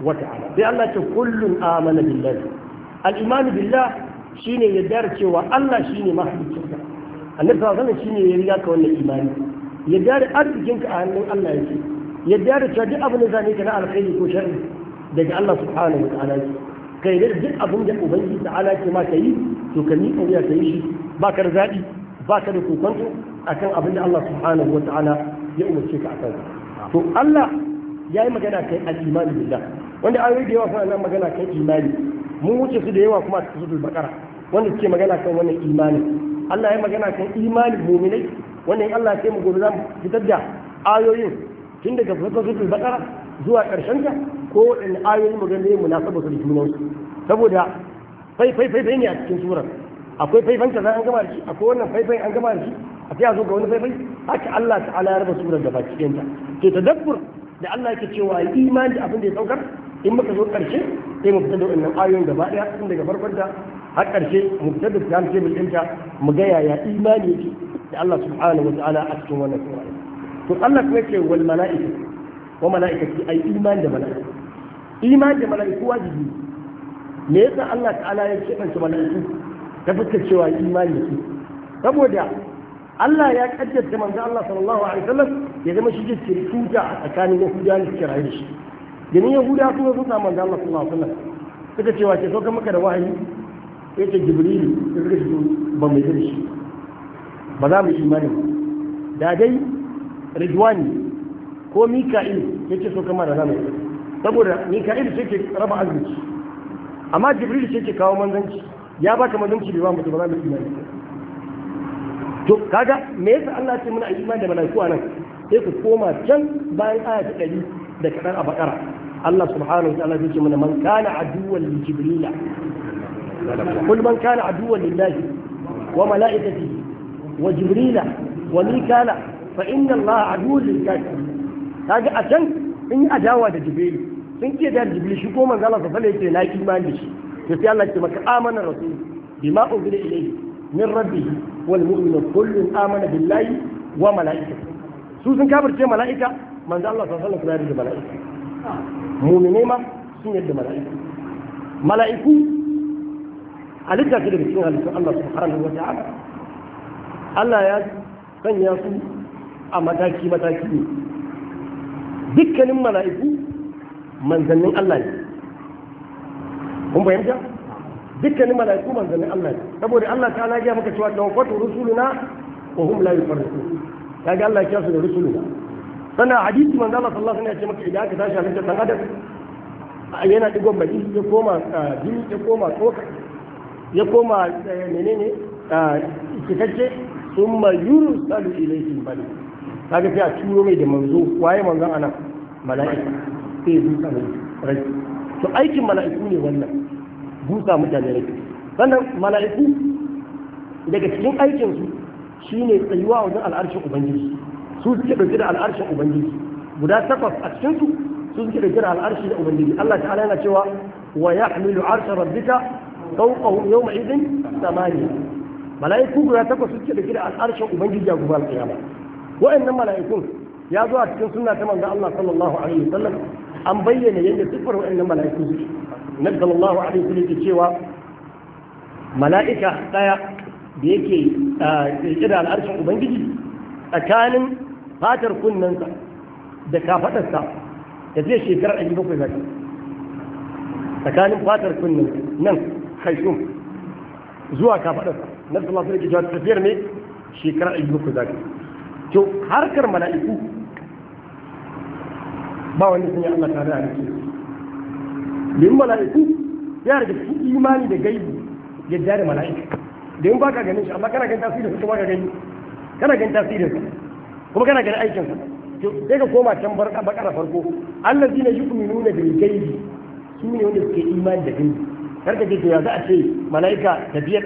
wata'ala sai Allah ce kullun amana billahi al-imanu billah shine yadda cewa Allah shine mahaliccinka annabi sallallahu alaihi wasallam shine ya riga ka wannan imani yadda da ka a hannun Allah yake yadda ya cewa duk abin da zane ka na alkhairi ko sharri daga Allah subhanahu wa ta'ala ka yi duk abin da ubangiji ta'ala ke ma ka yi to ka miƙa wuya ka yi shi ba ka da zaɓi ba ka da kokonto akan abin da Allah subhanahu wa ta'ala ya umarce ka akan to Allah ya yi magana kai al-imani billah wanda an da yawa suna nan magana kai imani mun wuce su da yawa kuma a cikin bakara wanda suke magana kan wannan imani Allah ya yi magana kan imani mu'minai wannan Allah ya ce mu gobe za mu fitar da ayoyin tun daga farkon sun bakara zuwa ƙarshen ta ko waɗanne ayoyin magana yin munasaba su da junan su saboda faifai faifai ne a cikin surar akwai faifan za an gama shi akwai wannan faifai an gama shi a fiya zo ga wani faifai haka Allah ta'ala ya raba surar da baki ɗinta to tadabbur da Allah yake cewa imani da abin da ya saukar in muka zo ƙarshe sai mu fitar da wannan ayoyin gaba ɗaya tun daga farkon ta har ƙarshe mu fitar da ta mu ɗinta mu ga yaya imani yake da Allah subhanahu wa ta'ala a cikin wannan sura to Allah kuma ce wal mala'ika wa mala'ikati ai iman da mala'ika iman da mala'iku wajibi me yasa Allah ta'ala ya ce kebance mala'iku ta fuskar cewa iman da su saboda Allah ya kaddata manzo Allah sallallahu alaihi wasallam ya zama shi ke tuta a tsakanin Yahudawa da suke rayu da shi domin Yahudawa kuma sun samu manzo Allah sallallahu alaihi wasallam suka cewa ce sauka maka da wahayi ya ce jibrilu ya suka shi ba mai zai shi ba za mu imani da dai rijwani ko mika'il yake so kama da zamani saboda mika'il ce ke raba arziki amma jibril ce ke kawo manzanci ya ba ka manzanci bai ba mutum ba za mu imani to kaga me yasa Allah ya ce muna imani da malaiku anan sai ku koma can bayan aya ta 100 da kadan a bakara Allah subhanahu wa ta'ala ya ce mana man kana aduwwan li jibril kul man kana aduwwan lillahi wa malaikatihi wa jibril wa mika'il fa inna Allah aduwwul kafirin kaga a can sun yi adawa da jibril sun ce da jibril shi ko manzo Allah sallallahu alaihi na imani da shi to sai Allah ce maka amana rasul bima unzila ilayhi min rabbihi wal mu'minu kullun amana billahi wa malaikatihi su sun kafirce malaika manzo Allah sallallahu alaihi wasallam da malaika mu'mine ma sun yadda malaika malaiku Allah Allah ya sanya a mataki-mataki ne dukkanin mala'iku manzannin Allah ne kun fahimta dukkanin mala'iku manzannin Allah ne saboda Allah ta lagiya maka cewa da wakwatu rusuluna wa hum la yufarriqu ga Allah ya su da rusuluna sannan hadisi manzo Allah sallallahu alaihi wasallam ya ce maka idan aka tashi halitta dan adam yana digon baki ya koma jini ya koma tsoka ya koma eh, menene kitacce sun mayuru salu ilaihi balik kaga sai a turo mai da manzo waye manzon anan mala'ika sai ya busa rai to aikin mala'iku ne wannan busa mutane rai sannan mala'iku daga cikin aikin su shine tsayuwa wajen al'arshin ubangiji su suke dauke da al'arshin ubangiji guda takwas a cikin su su suke dauke da al'arshi da ubangiji Allah ta'ala yana cewa wa yahmilu arsha rabbika fawqahu yawma idhin samani mala'iku guda takwas suke dauke da al'arshin ubangiji a gobe al wa'annan mala'ikun ya zo a cikin sunna ta manzo Allah sallallahu alaihi wasallam an bayyana yadda sifar wa'annan mala'iku suke nabi sallallahu alaihi wasallam yake cewa mala'ika daya da yake kirkira da al'arshin ubangiji tsakanin fatar kunnensa da kafadarsa da zai shekarar ɗari bakwai zaka tsakanin fatar kunnen nan kaishun zuwa kafadarsa nabi sallallahu alaihi wasallam yake cewa tafiyar ne shekarar ɗari bakwai zaka to harkar mala'iku ba wanda sun yi Allah tare da rikin din mala'iku ya rage su imani da gaibi ya da mala'iku da in baka ganin shi amma kana ganin tasirin kuma ka gani kana ganin tasirin kuma kana ganin aikin sa to sai ka koma can barka bakara farko na yu'minuna bil gaibi su ne wanda suke imani da gaibi ka ce to ya za a ce mala'ika tafiyar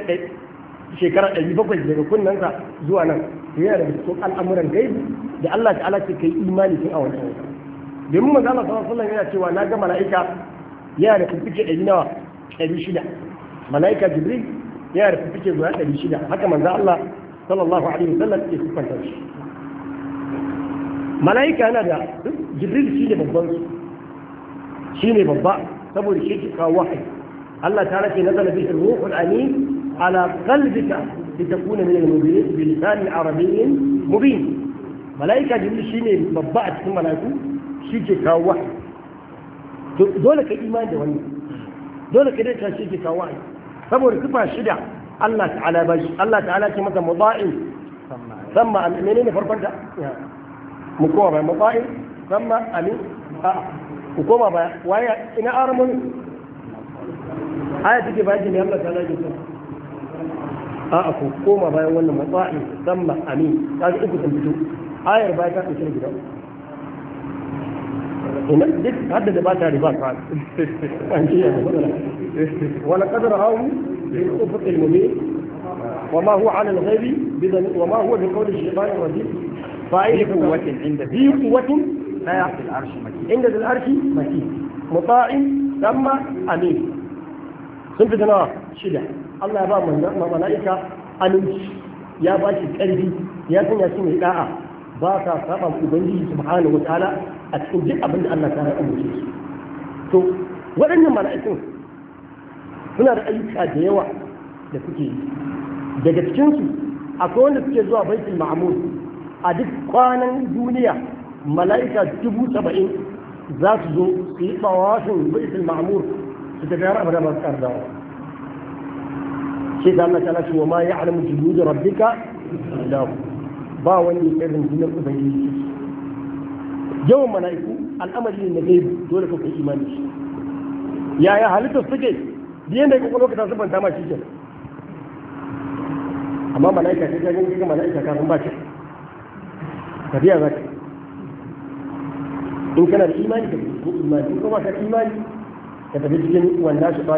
shekara 700 daga kunnansa zuwa nan to yana daga cikin al'amuran gaibi da Allah ta'ala ce kai imani tun a wannan wata domin manzo Allah sallallahu alaihi wasallam yana cewa na ga mala'ika yana da fifike ɗari nawa ɗari shida mala'ika jibril yana da fifike guda ɗari shida haka manzo Allah sallallahu alaihi wasallam ya siffanta shi mala'ika yana da jibril shine babban shine babba saboda shi ke kawo wahayi Allah ta rake nazala bihi ruhul amin ala qalbika لتكون من المبين بلسان عربي مبين ملائكة جميل شيني مبعت في ملائكو شيكي كاواح دولك إيمان دولي دولك إيمان شيكي كاواح فمور كفا شدع الله تعالى بج الله تعالى كما مضائم ثم أمينين فربدا مكوما بيا مضائم ثم أمين آه. مكوما بيا ويا إنا آرمون آية تجي بيا جميل الله تعالى جميل a'a ku koma bayan wannan matsa'i zamma amin ta ga uku sun fito ayar baya ta ɗauki gida ina duk hadda da ba ta riba ka an ji wala qadara hawu bil ufuq al mubin وما هو على الغيب وما هو بقول الشيطان الرجيم فاعل قوة عند ذي قوة لا يعطي العرش مكين عند ذي العرش مكين مطاع ثم أمين سنفذنا Shida. Allah ya ba mala'ika aminci ya ba shi ƙarfi ya sanya shi mai da'a ba ka saba ubangiji subhanahu wataala a cikin duk abin da Allah ta ya umurce su to waɗannan mala'ikun suna da ayyuka da yawa da suke yi daga cikin su akwai wanda suke zuwa baitul ma'mur a duk kwanan duniya mala'ika dubu saba'in za su zo su yi tsawashin baitul ma'mur su tafi har abada masu su shi da Allah ta wa ma ya'lamu junudu rabbika illa ba wani irin junar ubangiji yawan mala'iku al'amari ne na gaibi dole ka kai imani shi yaya halittar suke biyan da kokon lokacin su banta ma shi ke amma mala'ika ta gani ga mala'ika kafin ba ce ka biya za ka in kana da imani ka tafi imani in kuma ka imani ka tafi cikin wanda shi ba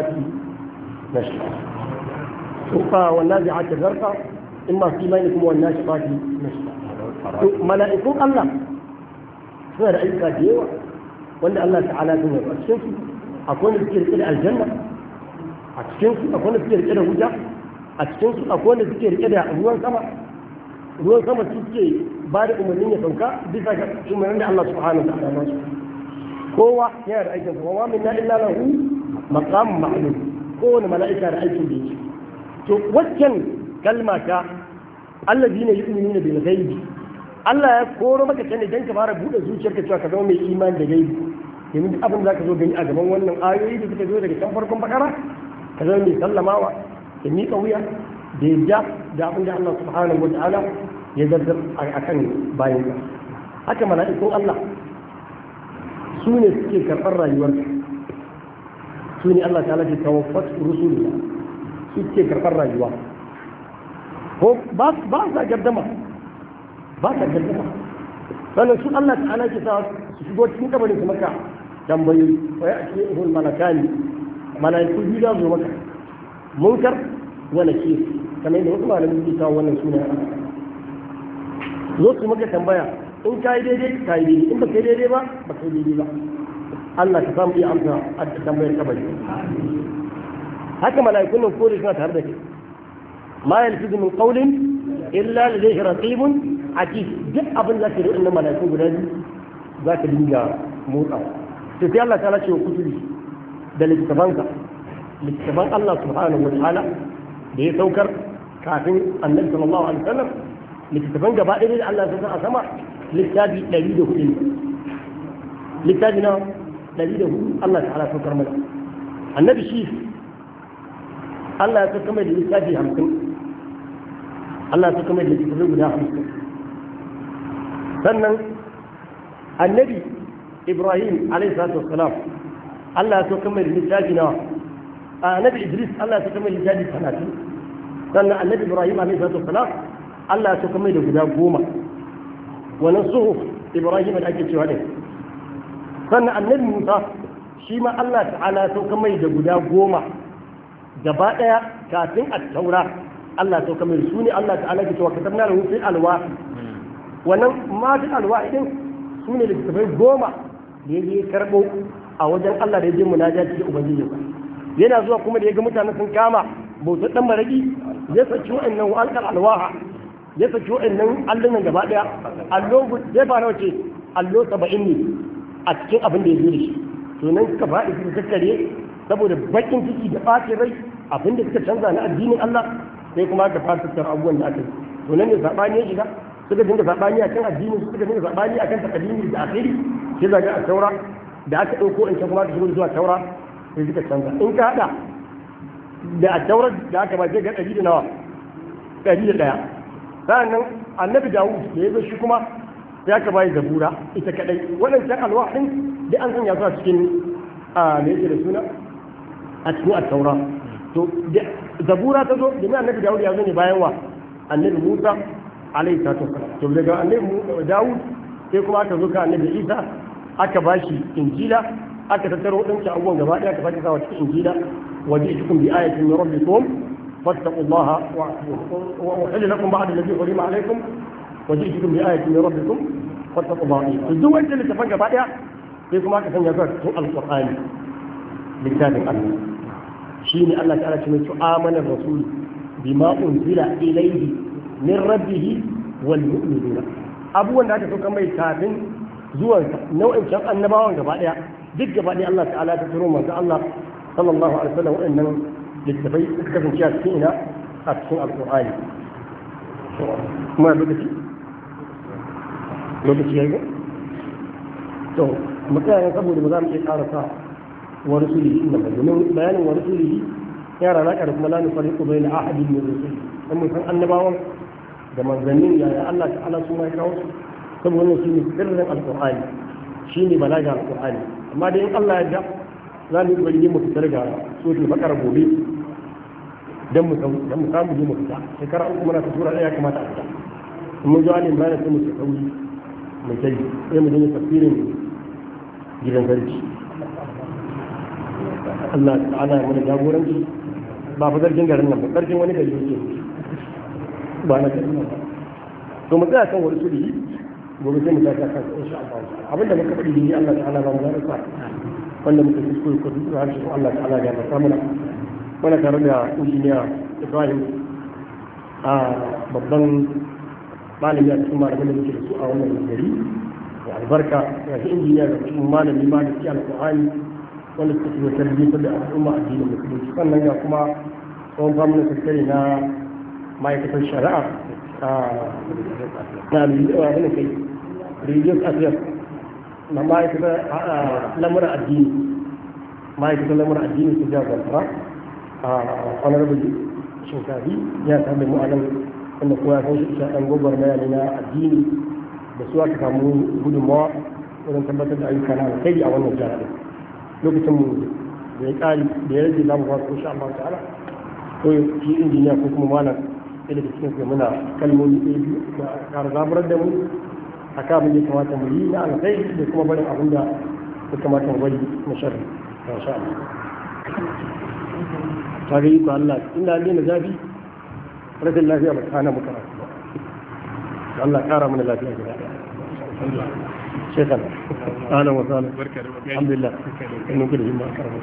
na shi والنازعات غرقا إما في بينكم والناشطات نشطا ملائكون الله سنة أيضا ديوة وأن الله تعالى دون الشمس أكون ذكر إلى الجنة الشمس أكون ذكر إلى هجا الشمس أكون ذكر إلى روان سما ruwan sama suke ba da umarnin ya sauka bisa ga umarnin da Allah subhanahu wa ta'ala masu kowa yana da aikin sa wa min la illa mala'ika da aikin da to waccan kalma ta allazi ne yu'minuna bil gaibi Allah ya koro maka ta dan ka fara bude zuciyarka cewa ka zama mai imani da gaibi domin duk abin da zaka zo gani a gaban wannan ayoyi da suka zo daga kan farkon bakara ka zama mai sallamawa ka miƙa wuya da yadda da abin da Allah subhanahu wa ta'ala ya zartar a kan bayan ka haka mala'ikun Allah su ne suke karɓar rayuwarka su ne Allah ta'ala ke tawaffat rusulullah suke karɓar rayuwa ko ba sa gardama ba sa gardama sannan su Allah ta'ala ke sa su shigo cikin kabarin su maka tambayoyi wa ya ake ihul malakani malaiku biyu za su maka munkar wa nakir kamar yadda wasu malamin su kawo wannan suna zo su maka tambaya in ka yi daidai ka yi daidai in ba ka yi daidai ba ba ka yi daidai ba Allah ka samu iya amsa a tambayar kabari haka mala'ikun nan kore suna tare da kai ma yalfizu min qawlin illa ladayhi raqibun atid duk abin da ke da wannan mala'ikun guda biyu za ka dinga motsa to sai Allah ta'ala ce wa kutubi da littafanka littafan Allah subhanahu wa ta'ala da ya saukar kafin annabi sallallahu alaihi wasallam littafan gaba ɗaya da Allah ya saukar a sama littafi 104 littafi na 104 Allah ta'ala saukar mana annabi shi Allah ya saka mai da lissafi hamsin Allah ya saka mai da lissafi guda hamsin sannan annabi ibrahim alaihissalatu wassalam Allah ya saka mai da lissafi nawa a annabi idris Allah ya saka mai da lissafi talatin sannan annabi ibrahim alaihissalatu wassalam Allah ya saka mai da guda goma wannan suhuf ibrahim da ake cewa ne sannan annabi musa shi ma Allah ta'ala ya saka mai da guda goma gaba daya kafin a taura Allah to kamar su ne Allah ta'ala ke cewa katabna lahu fil alwa. wannan ma fil alwahi din su ne littafai goma da yake karbo a wajen Allah da yake munaja da ubangiji yana zuwa kuma da ga mutane sun kama bautar dan maraki ya saki wa'annan wa alqal alwaha ya saki wa'annan allunan gaba daya allo zai fara wace allo saba'in ne a cikin abin da ya zo da shi to nan ka ba da tattare saboda bakin ciki da bacin rai abinda suka canza na addinin Allah sai kuma aka fara tattara abubuwan da aka yi to nan ne sabani ya shiga suka dinga sabani akan addinin su suka dinga sabani akan takaddimi da akhiri sai zaga a taura da aka dauko in ta kuma ta shigo zuwa taura sai suka canza in ka hada da a taura da aka ba zai ga ɗari da nawa ɗari da ɗaya nan, annabi dawud da ya zo shi kuma ya aka bayi zabura ita kadai. waɗancan alwa ɗin da an sanya su a cikin a me yake da suna a cikin a taura to zabura ta zo domin annabi dawud ya zo ne bayan wa annabi musa alaihi salatu wasalam to daga annabi dawud sai kuma aka zo ka annabi isa aka bashi injila aka tattaro wadancan abubuwan gaba daya aka sake sawa cikin injila waje cikin bi ayatin min rabbikum فاتقوا الله وأحل لكم بعد الذي حرم عليكم وجئتكم بآية من ربكم فاتقوا الله فيه الدول اللي تفنجها بعدها فيكم هكذا يقول القرآن لكتاب الله shine Allah ta'ala ce mai amana rasul bima unzila ilayhi min rabbih wal mu'minuna abubuwan da aka sauka mai kafin zuwansa nau'in can annabawan gaba daya duk gaba daya Allah ta'ala ta turo manzo Allah sallallahu alaihi wasallam wa'annan littafai suka kasance a cikin ina a cikin alqur'ani kuma lokaci lokaci yayi to mutane saboda ba za mu iya karasa wa rusulihi inna domin bayanin wa rusulihi yara na ƙarfi kuma lani fariqu bayna ahadin min rusuli dan mun san annabawan da manzannin ya Allah ta'ala su ma kawo su saboda wannan shine sirrin alqur'ani shine balaga alqur'ani amma dai in Allah ya da za mu bari mu fitar ga suratul baqara gobe dan mu dan mu samu mu fita shekara uku muna tura ya kamata a fita mun zo alim bayan sai mu tsauri mu kai sai mu je tafsirin gidan garji Allah ta'ala mana jagoranci ba fa zargin garin nan ba zargin wani gari ne ba na garin nan to mu ga kan wani suri gobe sai mu ka kan insha Allah abinda muka fadi ni Allah ta'ala ba mu da sa wanda muka kuskure ko duk harshe Allah ta'ala ya ba mana muna tare da injiniya Ibrahim a babban malami a cikin malamin da muke da su a wannan gari da albarka fi injiniya da cikin malami malami alfahari. wanda suka shiga wata ta da al'umma a addinin musulunci sannan ya kuma tsohon famunan sassari na ma'aikatar shari'a a na wani kai rijiyar affairs na ma'aikatar lamuran addini ma'aikatar lamuran addini su ja zamfara a honorable shinkari ya sami mu a nan wanda kowa san shi shi ɗan gobar na mayani na addini da su aka samu gudunmawa wurin tabbatar da ayyuka na alkhairi a wannan jihar lokacin mu da ya kari da ya rage za mu wasu insha Allah ta'ala ko shi injiniya ko kuma malam ɗaya da cikin sai muna kalmomi ɗaya biyu da ƙara zaburar da mu a kabin da ya kamata mu yi na alkhairi da kuma barin abin da ya kamata mu bari na sharri insha Allah ta ga iko Allah ina ne na zafi rashin lafiya ba ta hana mu karatu ba Allah ƙara mana lafiya gaba ɗaya شيخنا اهلا وسهلا الحمد لله انه كل جمعه كرم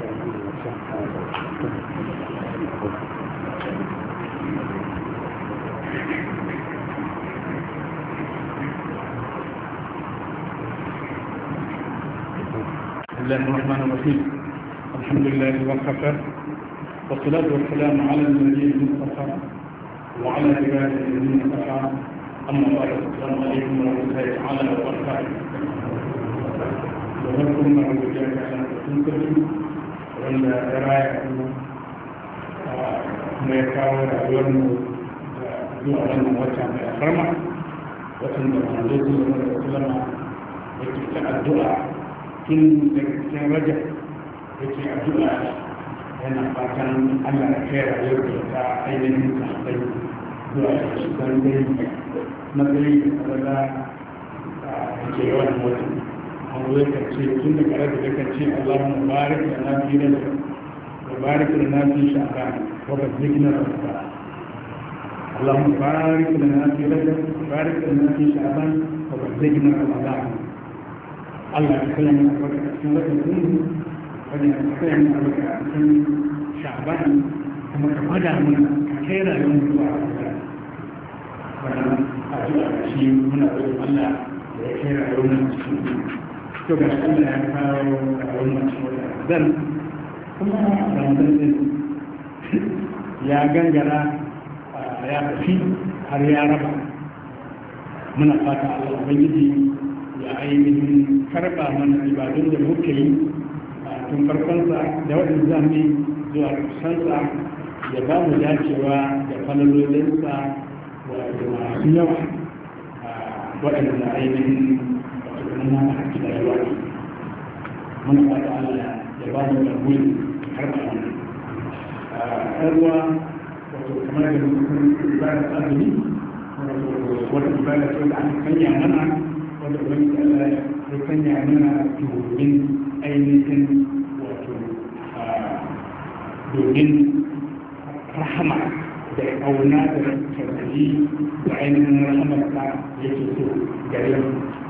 بسم الله الرحمن الرحيم الحمد لله وكفى والصلاة والسلام على النبي المصطفى وعلى عباده الذين أطاعوا أما بعد السلام عليكم ورحمة الله تعالى وبركاته ومنكم من وجدك على أنفسكم وأن رأيكم ما يكاور أيام zuwa wannan wata mai alfarma watan da manzo sallallahu alaihi wasallam yake ta addu'a tun da cikin rajab yake addu'a yana fatan Allah ya kai rayuwar da ta ainihin sahabbai garin matsayi da tsarara a ke yawan mutum an zai karce tun da kare da kakan ce Allah mu barik da na fi da barik da na fi shaka wa ba da ba Allah mu barik da na fi da barik da na fi shaka wa ba zikna da ba Allah ya kalla mu a cikin wata dungu wani a cikin wata kuma ka fada mana ka kai zuwa wannan addu'a da da ya kai rayuwar cikin to ya kawo ya gangara ya tafi har ya raba muna fata Allah ya ainihin karɓa mana ibadun da muke yi tun farkonsa da waɗanda za mu zuwa kusansa ya ba mu dacewa da falalolinsa masu yawa waɗanda ainihin nuna na haƙi da yawa muna ba da Allah ya ba mu da wuri har ba wani ɗarwa wato kamar da mutum ibada ta azumi wata ibada ta da aka sanya mana wata wani Allah ya sanya mana domin ainihin wato domin rahama da kauna da tausayi da ainihin rahamar ta yake so gare mu